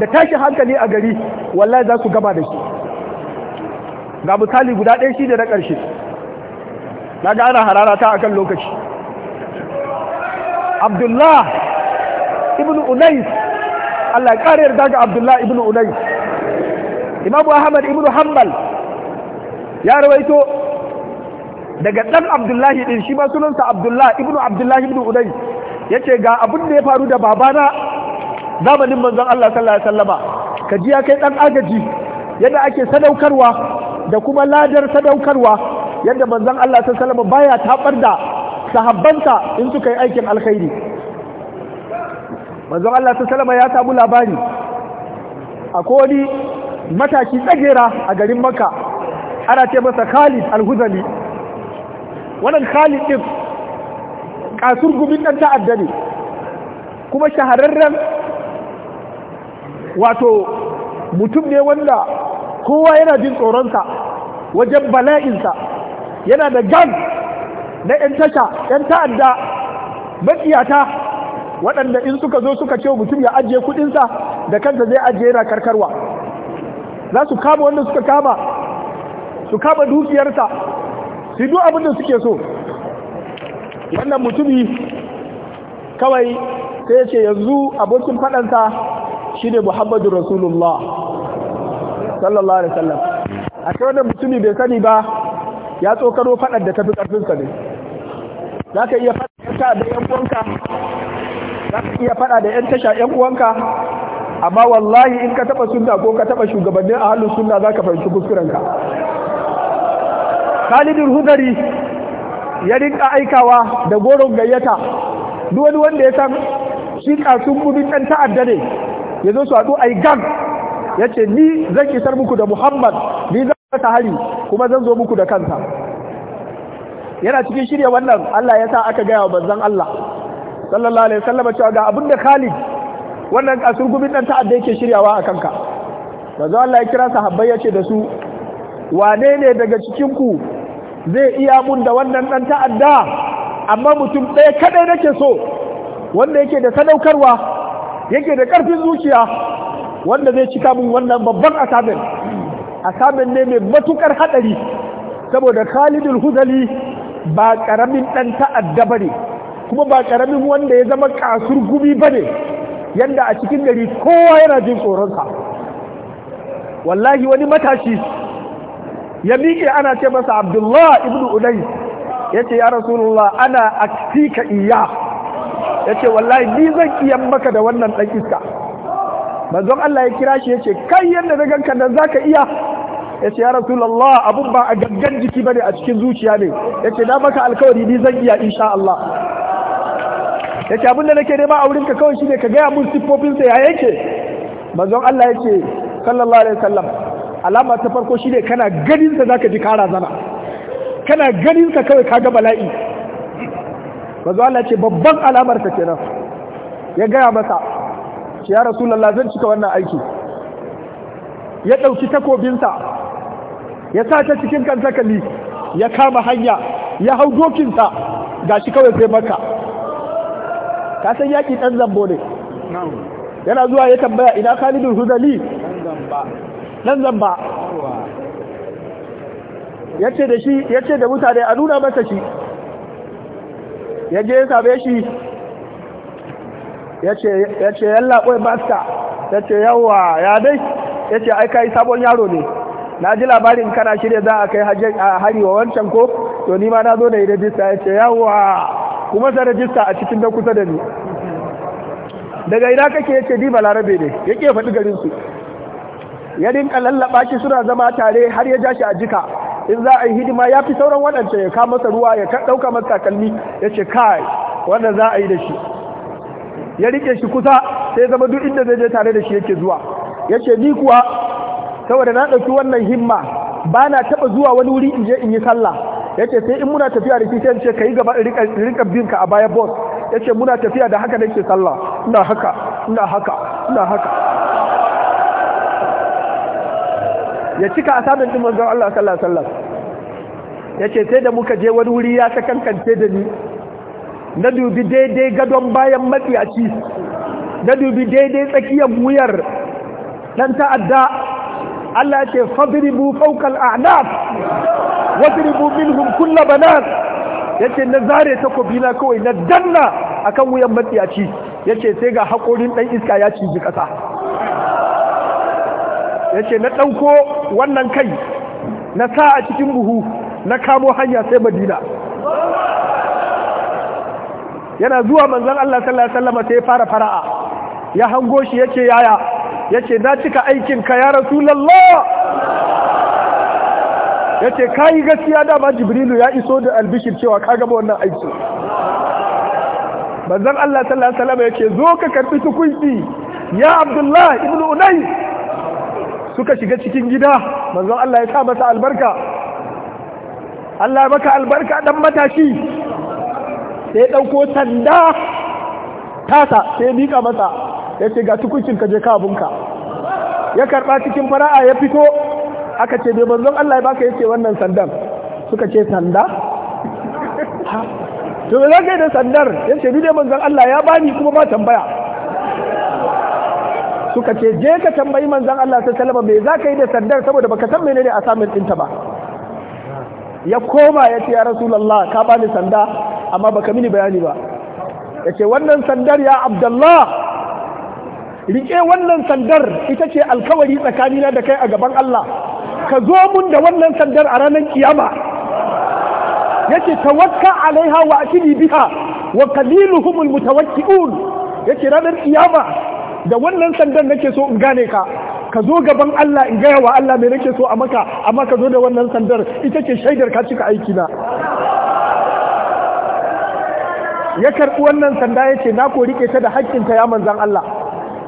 da tashin hankali a gari wallahi za su gama da shi ga misali guda ɗaya shi da na ƙarshe na ga ana harara ta akan lokaci abdullah ibn unais Allah ya ƙara yarda ga abdullah ibn unais imamu ahmad ibn hanbal ya rawaito daga ɗan abdullahi ɗin shi ma sunansa abdullahi ibnu abdullahi ibnu udai ya ce ga abin da ya faru da babana zamanin manzon Allah sallallahu alaihi wasallama ka ji ya kai ɗan agaji yadda ake sadaukarwa da kuma ladar sadaukarwa yadda manzon Allah sallallahu alaihi wasallama baya tabar da sahabbansa in suka yi aikin alkhairi manzon Allah sallallahu alaihi wasallama ya samu labari akwai wani mataki tsagera a garin Makka ana ce masa Khalid al-Huzali wannan khalid din kasur gubin dan ta'adda ne kuma shahararren wato mutum ne wanda kowa yana jin tsoronsa wajen bala'insa yana da gan na 'yan tasha 'yan ta'adda matsiyata waɗanda in suka zo suka ce mutum ya ajiye kudinsa da kanta zai ajiye yana karkarwa za su kama wanda suka kama su kama dukiyarsa su yi abin da suke so wannan mutumi kawai sai ce yanzu abokin faɗansa shi ne muhammadu rasulullah sallallahu alaihi wasallam a ce wannan mutumi bai sani ba ya tsokaro faɗar da tafi ƙarfinsa ne za ka iya faɗa da yan uwanka za ka iya faɗa da yan tasha yan uwanka amma wallahi in ka taɓa sunna ko ka taɓa shugabannin ahalus sunna za ka fahimci kuskurenka khalidul hudari ya rinka aikawa da goron gayyata duwani wanda ya san shi kasun gudun ɗan ta'adda ne ya zo su haɗu a yi gan. ya ce ni zan isar muku da muhammad ni zan ta hari kuma zan zo muku da kansa yana cikin shirya wannan allah ya sa aka gaya wa banzan allah sallallahu alaihi wasallam cewa ga abin da khalid wannan kasur gubin ɗan ta'adda yake shiryawa a kanka manzan allah ya kira sahabbai ya ce da su wane ne daga cikinku zai iya mun da wannan dan ta'adda amma mutum ɗaya kaɗai nake so wanda yake da sadaukarwa yake da ƙarfin zuciya wanda zai cika mun wannan babban asabin asabin ne mai matuƙar haɗari saboda khalidul huzali ba ƙaramin dan ta'adda bane kuma ba ƙaramin wanda ya zama kasur gubi ba ne yadda a cikin gari kowa yana jin tsoronsa wallahi wani matashi ya miƙe ana ce masa abdullah ibn unai ya ce ya rasulullah ana ka iya ya ce wallahi ni zan iya maka da wannan ɗan iska manzon Allah ya kira shi ya ce kai yadda na ganka nan za ka iya ya ce ya rasulullah abun ba a gangan jiki ba ne a cikin zuciya ne ya ce na maka alkawari ni zan iya insha Allah ya ce abinda nake nema a wurinka kawai shi ne ka gaya mun siffofinsa ya yake manzon Allah ya ce sallallahu alaihi wasallam alama ta farko shine kana ganin sa zaka ji kara zana kana ganin sa kawai kaga bala'i manzo Allah ce babban alamar ta kenan ya gaya masa ce ya rasulullah zan cika wannan aiki ya dauki takobinsa ya sa ta cikin kansakali ya kama hanya ya hau dokinsa gashi kawai sai maka ka san yaki dan zambo ne yana zuwa ya tambaya ina Khalidul Hudali nan zamba ya ce da shi da mutane a nuna masa shi ya je ya same shi ya ce yalla ƙwai basta ya ce yawa ya dai ya ce aika yi sabon yaro ne na ji labarin kana shirya za a kai hari wa wancan ko to ni ma na zo da yi rajista ya ce yawa kuma sa rajista a cikin da kusa da ni daga ina kake ya ce di balarabe ne ya ke faɗi garinsu ya rinka lallaba shi suna zama tare har ya ja shi a jika in za a yi hidima ya fi sauran waɗancan ya kama masa ruwa ya ɗauka masa takalmi ya ce kai wanda za a yi da shi ya rike shi kusa sai zama duk inda zai je tare da shi yake zuwa ya ce ni kuwa saboda na ɗauki wannan himma ba na taɓa zuwa wani wuri in je in yi sallah ya ce sai in muna tafiya da kitan ce ka yi gaba rika binka a baya bos ya ce muna tafiya da haka nake sallah ina haka ina haka ina haka ya cika a samun ɗin manzon Allah sallallahu alaihi ya ce sai da muka je wani wuri ya ta kankance da ni na dubi daidai gadon bayan ci. na dubi daidai tsakiyar wuyar ɗan ta'adda Allah ya ce fadribu fawqal a'naf wadribu minhum kull banat yace na zare takobi na kawai na danna akan wuyan Ya yace sai ga hakorin ɗan iska ya ciji ƙasa. yace na ɗauko wannan kai na sa a cikin buhu na kamo hanya sai madina yana zuwa manzan Allah sallallahu alaihi wasallama sai fara fara'a ya hango shi yace yaya yace na cika aikin ka ya rasulullah yace kai gaskiya dama jibrilu ya iso da albishir cewa ka gaba wannan aiki manzan Allah sallallahu alaihi wasallam yace zo ka karbi tukunci ya abdullahi ibnu unai. suka shiga cikin gida manzon Allah ya sa masa albarka Allah ya maka albarka dan matashi sai ya dauko sanda tasa sai ya mika masa ya ce ga tukuncin ka je ka abunka ya karba cikin fara'a ya fito aka ce bai manzon Allah ya baka yace wannan sandan suka ce sanda to me zaka yi da sandar yace ni dai manzon Allah ya bani kuma ba tambaya suka ce je ka tambayi manzon Allah ta salama me za ka yi da sandar saboda baka san menene a samun ɗinta ba ya koma ya ce ya rasulallah ka bani sanda amma baka mini bayani ba ya ce wannan sandar ya abdallah riƙe wannan sandar ita ce alkawari tsakanina da kai a gaban Allah ka zo mun da wannan sandar a ranar kiyama yace tawakka alaiha wa akili biha wa qaliluhum Ya ce ranar kiyama da wannan sandan nake so in gane ka ka zo gaban Allah in gaya wa Allah mai nake so a maka amma ka zo da wannan sandar ita ce shaidar ka cika aiki na ya karɓi wannan sanda ya ce na ko rike ta da haƙƙinta ya manzan Allah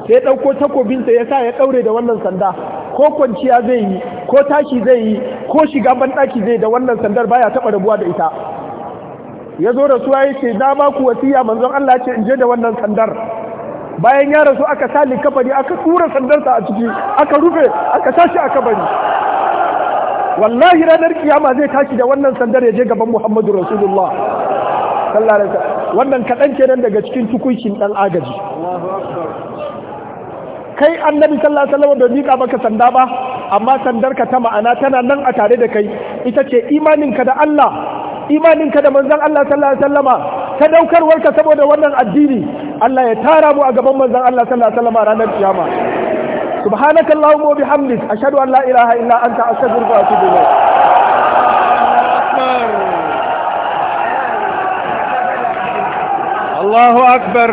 sai ya ɗauko takobinta ya sa ya ɗaure da wannan sanda ko kwanciya zai yi ko tashi zai yi ko shiga banɗaki zai da wannan sandar baya taɓa rabuwa da ita ya zo rasuwa ya ce na ba ku wasiya manzon Allah ce in je da wannan sandar bayan ya rasu aka sa likafani aka tura sandarsa a ciki aka rufe aka tashi aka bari wallahi ranar kiyama zai tashi da wannan sandar ya je gaban Muhammadu Rasulullah sallallahu alaihi wasallam wannan kadan kenan daga cikin tukuncin dan agaji kai annabi sallallahu alaihi wasallam bai mika maka sanda ba amma sandarka ta ma'ana tana nan a tare da kai ita ce imaninka da Allah imaninka da manzon Allah sallallahu alaihi wasallama sadaukarwarka saboda wannan addini Allah ya tara mu a gaban manzon Allah sallallahu alaihi wasallama ranar kiyama subhanaka allahumma wa bihamdik ashhadu an la ilaha illa anta astaghfiruka wa atubu ilayk Allahu akbar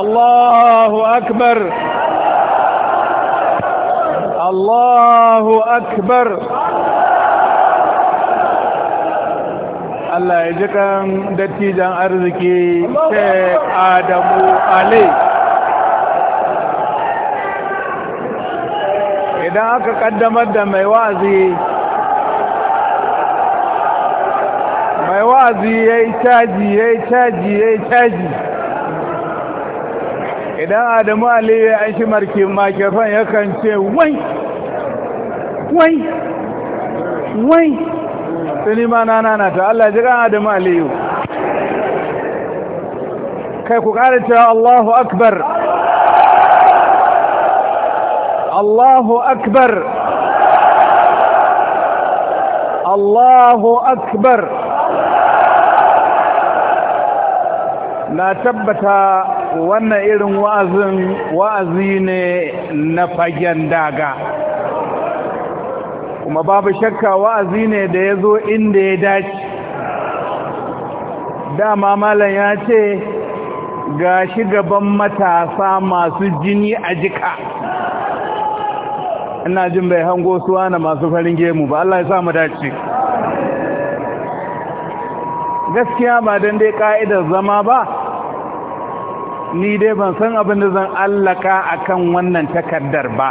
الله أكبر الله أكبر Allah ya ji dattijan arziki Sheikh Adamu Ali. Idan aka kaddamar da mai wa'azi, mai wa'azi ya yi caji, ya yi caji, ya yi caji. idan adamu aliyu ya an shi makirfan yakan ce wai wai wai tuni ma na nana ta Allah ji kan adamu aliyu kai ku ƙara cewa Allahu akbar Allahu akbar Allahu akbar na tabbata wannan irin wa'azin wa'azi ne na fagen daga kuma babu shakka wa'azi ne da ya zo inda ya dace dama malam ya ce ga shi gaban matasa masu jini a jika ina jin bai hango suwa na masu farin gemu ba Allah ya sa dace gaskiya ba don dai ka'idar zama ba ni dai ban san abin da zan allaka akan wannan takardar ba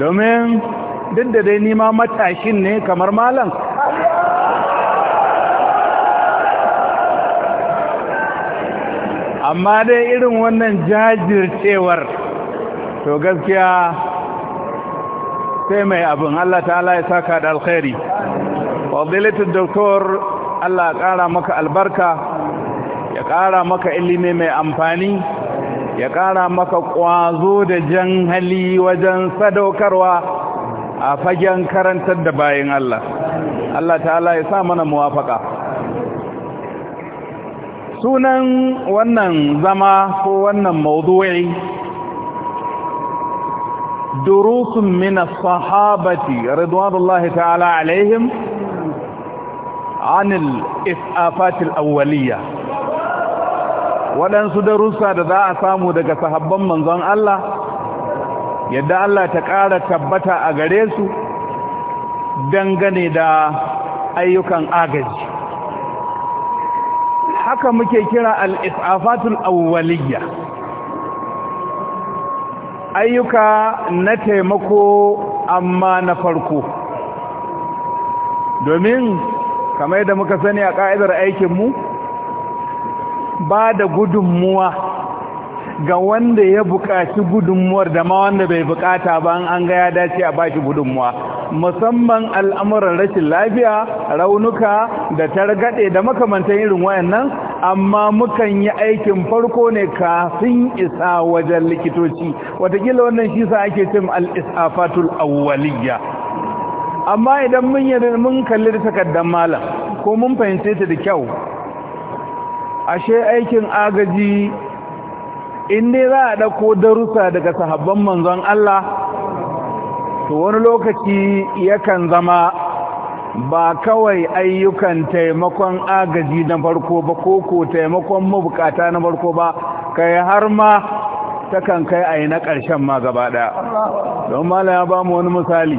domin duk da dai nima matashin ne kamar malam amma dai irin wannan jajircewar to gaskiya sai mai abin Allah ta'ala ya saka da alkhairi fadilatul doktor Allah ƙara maka albarka kara maka ilimi mai amfani ya kara maka kwazo da jan hali wajen sadaukarwa a fagen karantar da bayan Allah Allah ta'ala ya sa mana muwafaka sunan wannan zama ko wannan mawdu'i دروس من الصحابة رضوان الله تعالى عليهم عن الإسعافات الأولية waɗansu darussa da za a samu daga sahabban manzon Allah yadda Allah ta ƙara tabbata a gare su dangane da ayyukan agaji haka muke kira al'isafatul awwaliyya ayyuka na taimako amma na farko domin kamar yadda muka sani a ƙa'idar aikinmu ba da gudunmuwa ga wanda ya buƙaci gudunmuwar da ma wanda bai buƙata ba an ga ya dace a shi gudunmuwa musamman al'amuran rashin lafiya raunuka da targaɗe da makamantan irin wayannan amma mukan yi aikin farko ne kafin isa wajen likitoci watakila wannan shi sa ake cin al'isafatul awwaliyya amma idan mun yi mun kalli takardar malam ko mun fahimce ta da kyau ashe aikin agaji in ne za a ɗauko darussa daga sahabban manzon Allah to wani lokaci yakan zama ba kawai ayyukan taimakon agaji na farko ba ko taimakon mabukata na farko ba kai har ma takan kai a yi na ƙarshen ma gaba ɗaya don mala ya ba mu wani misali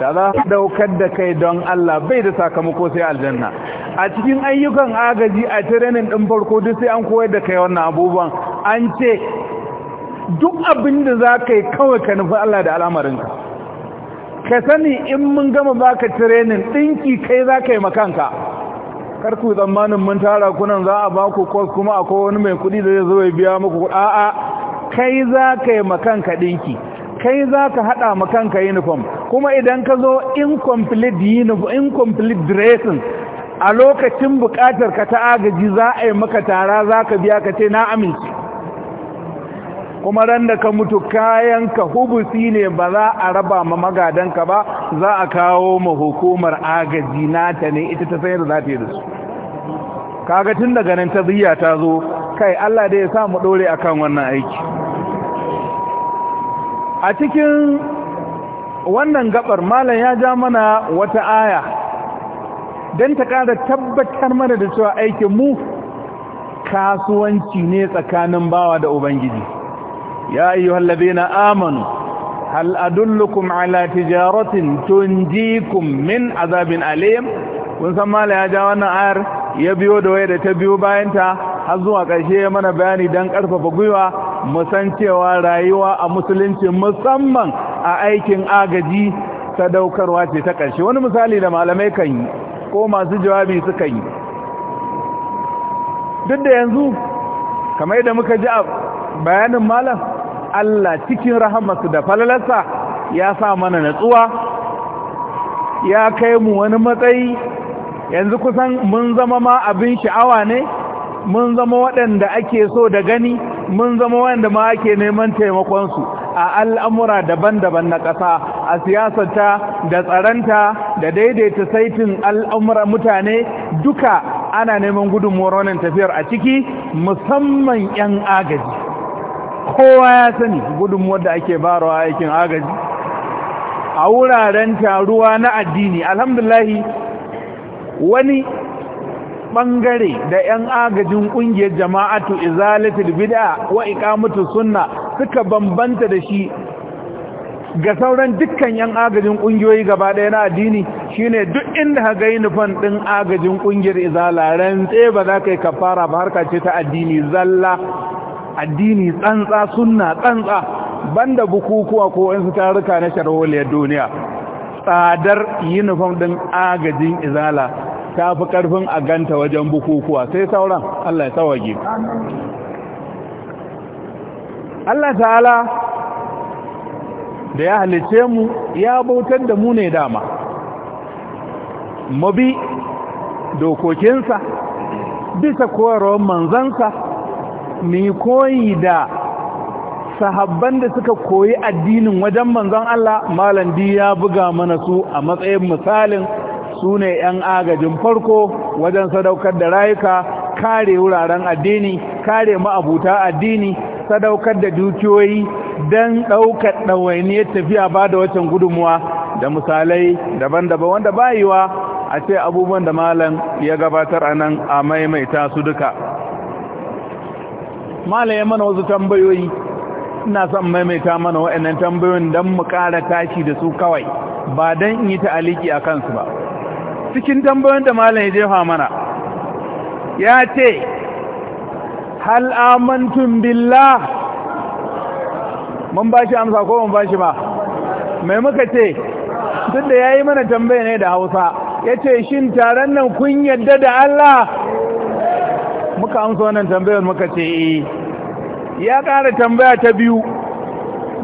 da za a ɗaukar da kai don Allah bai da sakamako sai aljanna a cikin ayyukan agaji a tirenin ɗin farko duk sai an koyar da kai wannan abubuwan an ce duk abin da za ka yi kawai ka nufi Allah da al'amarinka ka sani in mun gama baka tirenin ɗinki kai za ka yi makanka karku tsammanin mun tara kunan za a ba ku kwas kuma akwai wani mai kuɗi da zai zo ya biya muku a'a kai za ka yi makanka ɗinki kai za ka haɗa makanka uniform kuma idan ka zo incomplete incomplete dressing a lokacin bukatar ka ta agaji za a yi maka tara za ka biya ka ce na amince kuma ran da ka mutu kayan ka hubusi ne ba za a raba ma magadanka ba za a kawo ma hukumar agaji nata ne ita ta sayar za ta yi da su kaga tun daga nan ta ziya ta zo kai Allah da ya sa mu dore akan wannan aiki a cikin wannan gabar malam ya ja mana wata aya don ta ƙara tabbatar mana da cewa aikin mu kasuwanci ne tsakanin bawa da ubangiji ya ayyu hallabina amanu hal adullukum ala tijaratin tunjikum min azabin Aliyam. kun san mala ya ja wannan ayar ya biyo da waya da ta biyo bayanta har zuwa ƙarshe ya mana bayani don ƙarfafa gwiwa musancewa, rayuwa a musulunci musamman a aikin agaji sadaukarwa ce ta ƙarshe wani misali da malamai kan yi ko masu jawabi suka yi duk da yanzu kamar yadda muka ji a bayanin malam Allah cikin rahamarsu da falalarsa ya sa mana natsuwa ya kai mu wani matsayi yanzu kusan mun zama ma abin sha'awa ne mun zama waɗanda ake so da gani mun zama waɗanda ma ake neman taimakonsu a al'amura daban-daban na ƙasa a siyasarta da tsaranta da daidaita saitin al'amura mutane duka ana neman gudunmuwar wannan tafiyar a ciki musamman 'yan agaji kowa ya sani gudunmuwar da ake barawa aikin agaji a wuraren taruwa na addini alhamdulahi wani bangare da 'yan agajin ƙungiyar jama'atu izalatul bid'a wa iqamatu sunna suka bambanta da shi ga sauran dukkan yan agajin kungiyoyi gaba ɗaya na addini shine duk inda ka gai nufan ɗin agajin kungiyar izala rantse ba za ka yi kafara ba harka ce ta addini zalla addini tsantsa sunna tsantsa banda bukukuwa ko in su taruka na sharholiyar duniya tsadar uniform ɗin agajin izala ta fi ƙarfin a ganta wajen bukukuwa sai sauran Allah ya tsawage Allah ta'ala da ya halice mu ya bautar da mu ne dama mabi dokokinsa bisa koyarwar manzansa mai koyi da sahabban da suka koyi addinin wajen manzan Allah malandi ya buga mana su a matsayin misalin su ne 'yan agajin farko wajen sadaukar da rayuka kare wuraren addini kare ma'abuta addini sadaukar da dukiyoyi don ɗaukar ɗawainiyar tafiya ba da wacan gudunmuwa da misalai daban-daban wanda bayiwa a ce abubuwan da malam ya gabatar a nan a maimaita su duka malam ya mana wasu tambayoyi ina son maimaita mana wa'annan tambayoyin don mu ƙara tashi da su kawai ba don in yi ta'aliki a kansu ba cikin tambayoyin da malam ya jefa mana ya ce hal amantum billah mun bashi amsa ko mun bashi ba mai muka ce duk da yayi mana tambaya ne da Hausa yace shin taron nan kun yadda da Allah muka amsa wannan tambayar muka ce eh ya ƙara tambaya ta biyu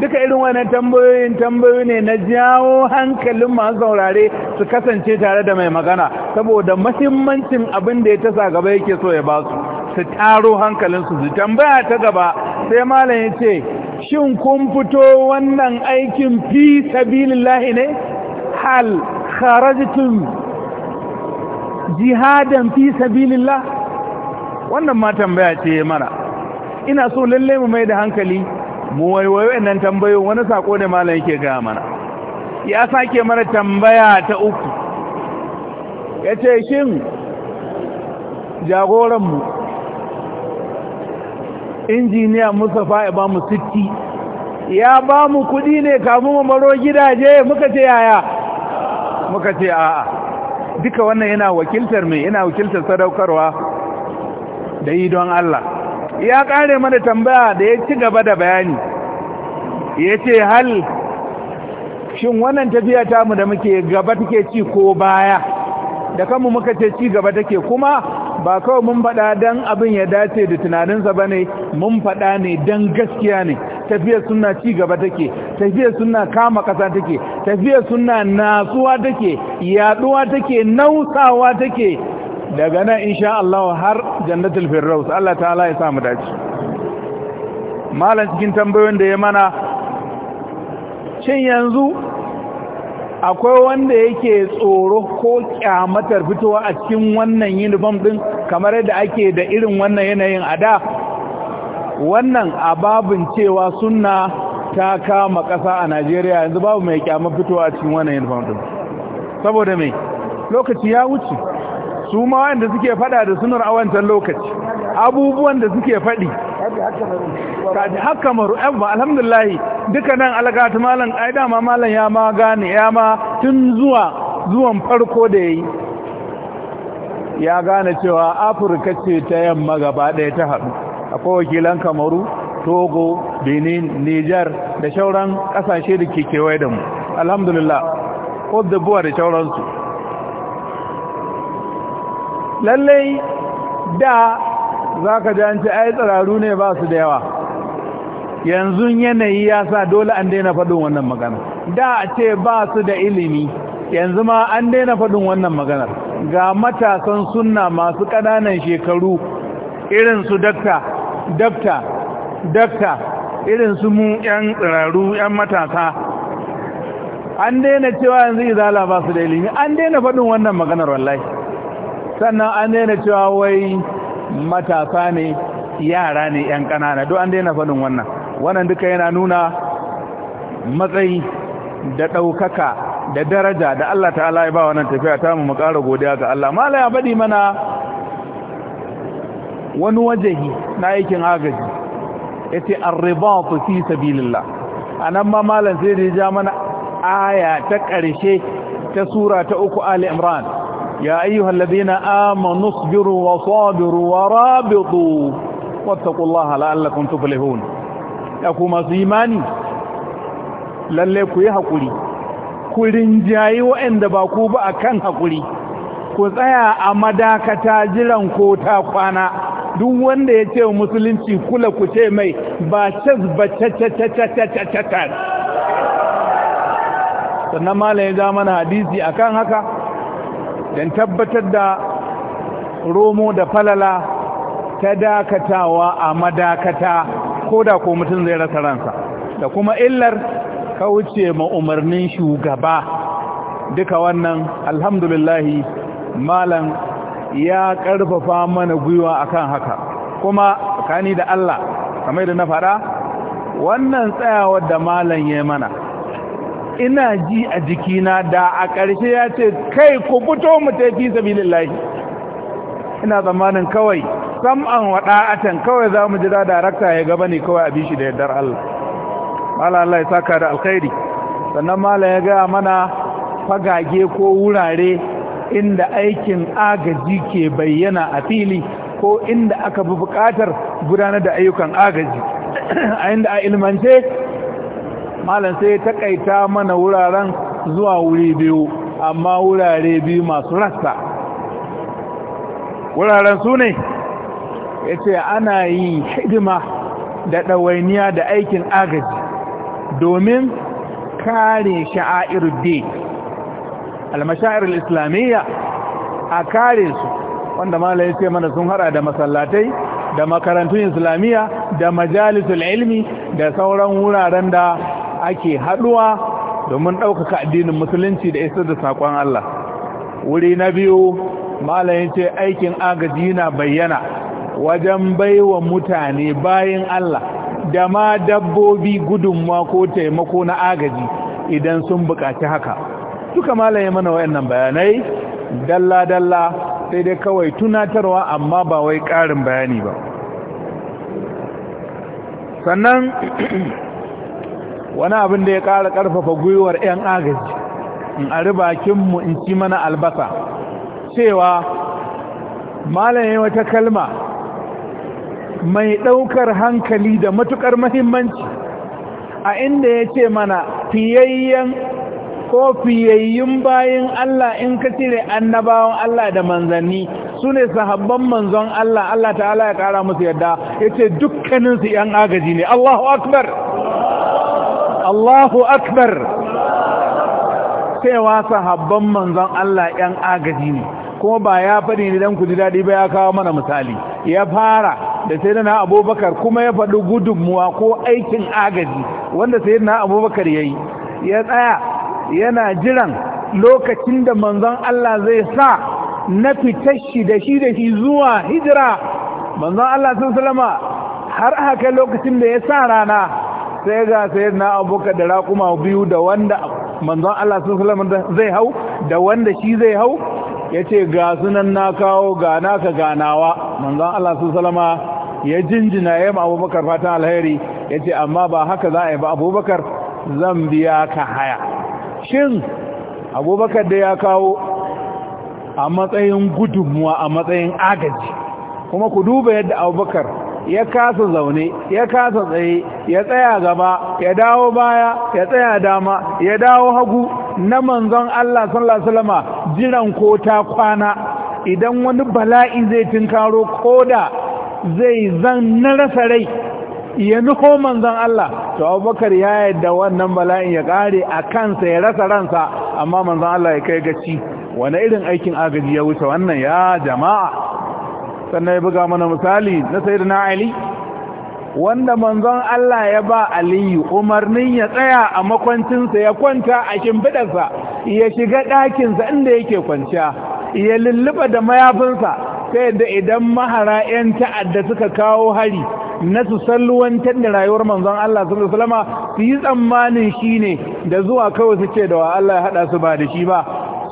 duka irin wannan tambayoyin tambayoyi ne na jawo hankalin masu saurare su kasance tare da mai magana saboda mahimmancin abin da ya tasa gaba yake so ya ba su su taro hankalinsu su tambaya ta gaba sai malam ya ce shin kun fito wannan aikin fi sabilillahi ne hal kharajtum jihadan fi sabilillah wannan ma tambaya ce mana ina so lalle mu mai da hankali mu waiwayo wannan tambayo wani sako ne malam yake ga mana ya sake mana tambaya ta uku yace shin mu. injiniya mustapha ya ba mu sitti ya ba mu kudi ne kafin mu baro gidaje muka ce yaya muka ce a'a duka wannan yana wakiltar mai yana wakiltar sadaukarwa da yi don Allah ya kare mana tambaya da ya ci gaba da bayani ya ce hal shin wannan tafiya tamu da muke gaba take ci ko baya da kanmu muka ce ci gaba take kuma ba kawai mun faɗa don abin ya dace da tunaninsa ba ne mun faɗa ne don gaskiya ne tafiyar suna ci gaba take tafiyar suna kama ƙasa take tafiyar suna nasuwa take yaɗuwa take nausawa take daga nan insha Allah har jannatul firdaus Allah ta'ala ya samu dace malam cikin tambayoyin da ya mana shin yanzu akwai wanda yake tsoro ko kyamatar fitowa a cikin wannan uniform din kamar yadda ake da irin wannan yanayin a da wannan ababin cewa suna ta kama ƙasa a Najeriya yanzu babu mai kyamar fitowa a cikin wannan uniform din saboda mai lokaci ya wuce su ma wanda suke fada da sunar a lokaci abubuwan da suke faɗi. kaji har kamaru yan ba alhamdulillah duka nan alagatu malam ai dama malam ya ma gane ya ma tun zuwa zuwan farko da ya yi ya gane cewa afirka ce ta yamma gaba ɗaya ta haɗu akwai wakilan kamaru togo benin nijar da shauran ƙasashe da ke kewaye da mu alhamdulillah ko da buwa da shauransu lallai da za ka ji an ce ai tsiraru ne ba su da yawa yanzu yanayi ya sa dole an daina faɗin wannan magana da a ce ba su da ilimi yanzu ma an daina faɗin wannan maganar ga matasan sunna masu ƙananan shekaru irin su dakta dakta dakta irin su mu 'yan tsiraru 'yan matasa an daina cewa yanzu izala ba su da ilimi an daina faɗin wannan maganar wallahi sannan an daina cewa wai matasa ne yara ne yan ƙanana duk an daina faɗin wannan wannan duka yana nuna matsayi da ɗaukaka da daraja da Allah ta'ala ya ba wannan tafiya ta mu mu ƙara godiya ga Allah mala ya faɗi mana wani wajehi na aikin agaji yace ar ribat fi sabilillah anan ma malan sai da mana aya ta ƙarshe ta sura ta uku Ali Imran يا أيها الذين آمنوا اصبروا وصابروا ورابطوا واتقوا الله لعلكم تفلحون أكو مصيماني lalle ku yi hakuri ku rinjayi waɗanda ba ku ba akan hakuri ku tsaya a madakata jiran ko ta kwana duk wanda ya ce musulunci kula ku ce mai ba cas ba sannan malam ya ja mana hadisi akan haka Dan tabbatar da romo da falala ta dakatawa a madakata ko da ko mutum zai rasa ransa da kuma illar kauce ma umarnin shugaba duka wannan alhamdulillahi malam ya karfafa mana gwiwa akan haka kuma kani da Allah kamar da na fada wannan tsayawar da malam ya mana ina ji a jikina da a ƙarshe ya ce kai ku fito mu tafi sabilillahi ina zamanin kawai sam'an can kawai za mu jira darakta ya gaba ne kawai a bishi da yardar Allah Allah Allah ya saka da alkhairi sannan malam ya gaya mana fagage ko wurare inda aikin agaji ke bayyana a fili ko inda aka bi buƙatar gudanar da ayyukan agaji a inda a ilmance malam sai ya takaita mana wuraren zuwa wuri biyu amma wurare biyu masu rasta wuraren su ne ya ce ana yi hidima da ɗawainiya da aikin agaji domin kare sha'a'ir de almashar islamiyya a kare su wanda malam ya ce mana sun hada da masallatai da makarantun islamiyya da majalisul ilmi da sauran wuraren da ake haduwa domin ɗaukaka addinin musulunci da isar da sakon Allah wuri na biyu malayin ce aikin agaji na bayyana wajen baiwa mutane bayin Allah da ma dabbobi gudunmuwa ko taimako na agaji idan sun buƙaci haka duka malayin mana wayannan bayanai dalla-dalla sai dai kawai tunatarwa amma ba wai ƙarin bayani ba sannan wani abin da ya ƙara ƙarfafa gwiwar 'yan agaji in a ribakinmu in ci mana albasa cewa malaye wata kalma mai ɗaukar hankali da matuƙar mahimmanci a inda ya ce mana fiyayyen ko fiyayyun bayan Allah in ka cire annabawan Allah da manzanni su ne sahabban manzon Allah Allah ta'ala ya ƙara musu yadda ya ce dukkaninsu 'yan agaji ne Allahu Akbar! Allahu Akbar cewa habban manzon Allah ‘yan agaji ne kuma ba ya faɗi ne don ku ji daɗi ba ya kawo mana misali ya fara da sai na abubakar kuma ya faɗi gudunmuwa ko aikin agaji wanda sai na abubakar ya yi ya tsaya yana jiran lokacin da manzon Allah zai sa na fitashi da shi da shi zuwa hijira manzon Allah sun salama har haka lokacin da ya sa rana sai ga na abubakar da raƙuma biyu da wanda manzon Allah sallallahu alaihi zai hau da wanda shi zai hau yace ga sunan na kawo ga naka ganawa manzon Allah sallallahu alaihi ya jinjina ya ma abubakar fatan alheri yace amma ba haka za a yi ba abubakar zan biya ka haya shin abubakar da ya kawo a matsayin gudunmuwa a matsayin agaji kuma ku duba yadda abubakar ya kasa zaune ya kasa tsaye ya tsaya gaba ya dawo baya ya tsaya dama ya dawo hagu na manzon Allah sallallahu alaihi wasallam jiran ko ta kwana idan wani bala'i zai tinkaro koda zai zan na rasa rai ya nuko manzon Allah to abubakar ya yadda wannan bala'in ya kare a kansa ya rasa ransa amma manzon Allah ya kai gaci wani irin aikin agaji ya wuce wannan ya jama'a sannan ya buga mana misali na sayyidina ali wanda manzon Allah ya ba aliyu umarnin ya tsaya a makwancinsa ya kwanta a sa ya shiga ɗakinsa inda yake kwanciya ya lulluba da mayafinsa sai yadda idan mahara 'yan ta'adda suka kawo hari na su salluwantar da rayuwar manzon Allah su wasallam su yi tsammanin shi ne da zuwa kawai su ce da wa Allah ya haɗa su ba da shi ba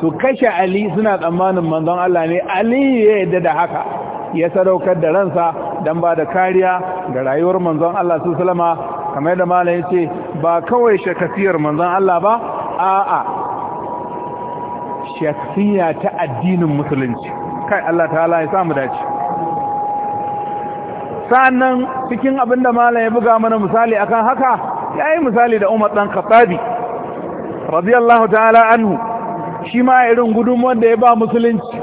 su kashe ali suna tsammanin manzon Allah ne ali ya yarda da haka ya sadaukar da ransa don ba da kariya ga rayuwar manzon Allah su salama kamar da malam ya ce ba kawai shakasiyar manzon Allah ba a'a shakasiyar ta addinin musulunci kai Allah Ta halaye samu dace sa'annan cikin abinda malam ya buga mana misali akan haka ya yi misali da umar ɗan khattabi radiyallahu ta'ala anhu shi ma irin gudunmuwan da ya ba musulunci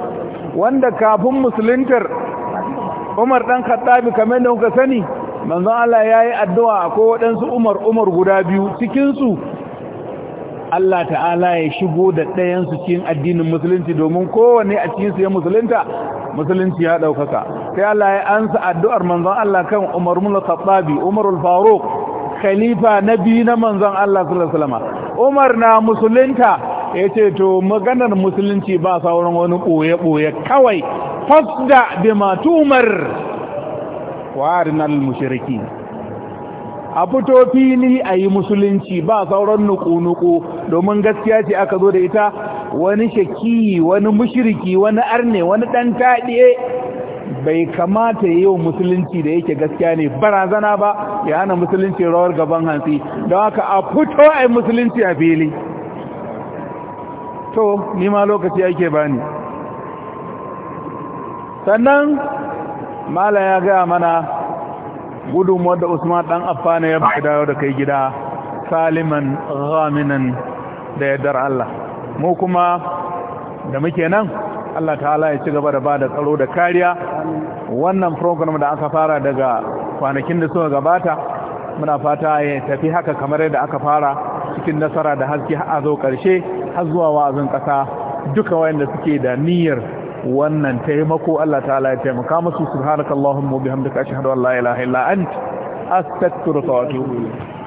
wanda kafin musuluntar umar dan khattabi kamar da kuka sani manzon Allah ya yi addu'a akwai waɗansu umar umar guda biyu cikinsu Allah ta'ala ya shigo da ɗayansu cikin addinin musulunci domin kowane a cikinsu ya musulunta musulunci ya ɗaukaka sai Allah ya ansa addu'ar manzon Allah kan umar mula Umar al faruk khalifa na biyu na manzon Allah sallallahu alaihi umar na musulunta ya ce to maganar musulunci ba sauran wani ɓoye-ɓoye kawai fasda da matumar warinal mushiriki a fito fili a yi musulunci ba sauran nuku-nuku domin gaskiya ce aka zo da ita wani shaki wani mushiriki wani arne wani ɗan taɗiye bai kamata ya yi wa musulunci da yake gaskiya ne barazana ba ya hana musulunci rawar gaban hansi don haka a fito a yi musulunci a fili to ni ma lokaci ake bani sannan mala ya gaya mana gudun da usman dan affana ya bai dawo da kai gida saliman ghaminan da yardar Allah mu kuma da muke nan Allah ta'ala ya ci gaba da ba da tsaro da kariya wannan program da aka fara daga kwanakin da suka gabata muna fata ya tafi haka kamar yadda aka fara cikin nasara da haske a zo ƙarshe, har zuwa wa'azin ƙasa, duka wayanda suke da niyyar wannan taimako Allah ta'ala ya taimaka musu subhanakallahumma wa bihamdika ashhadu an la ilaha illa anta astaghfiruka wa atubu ilayk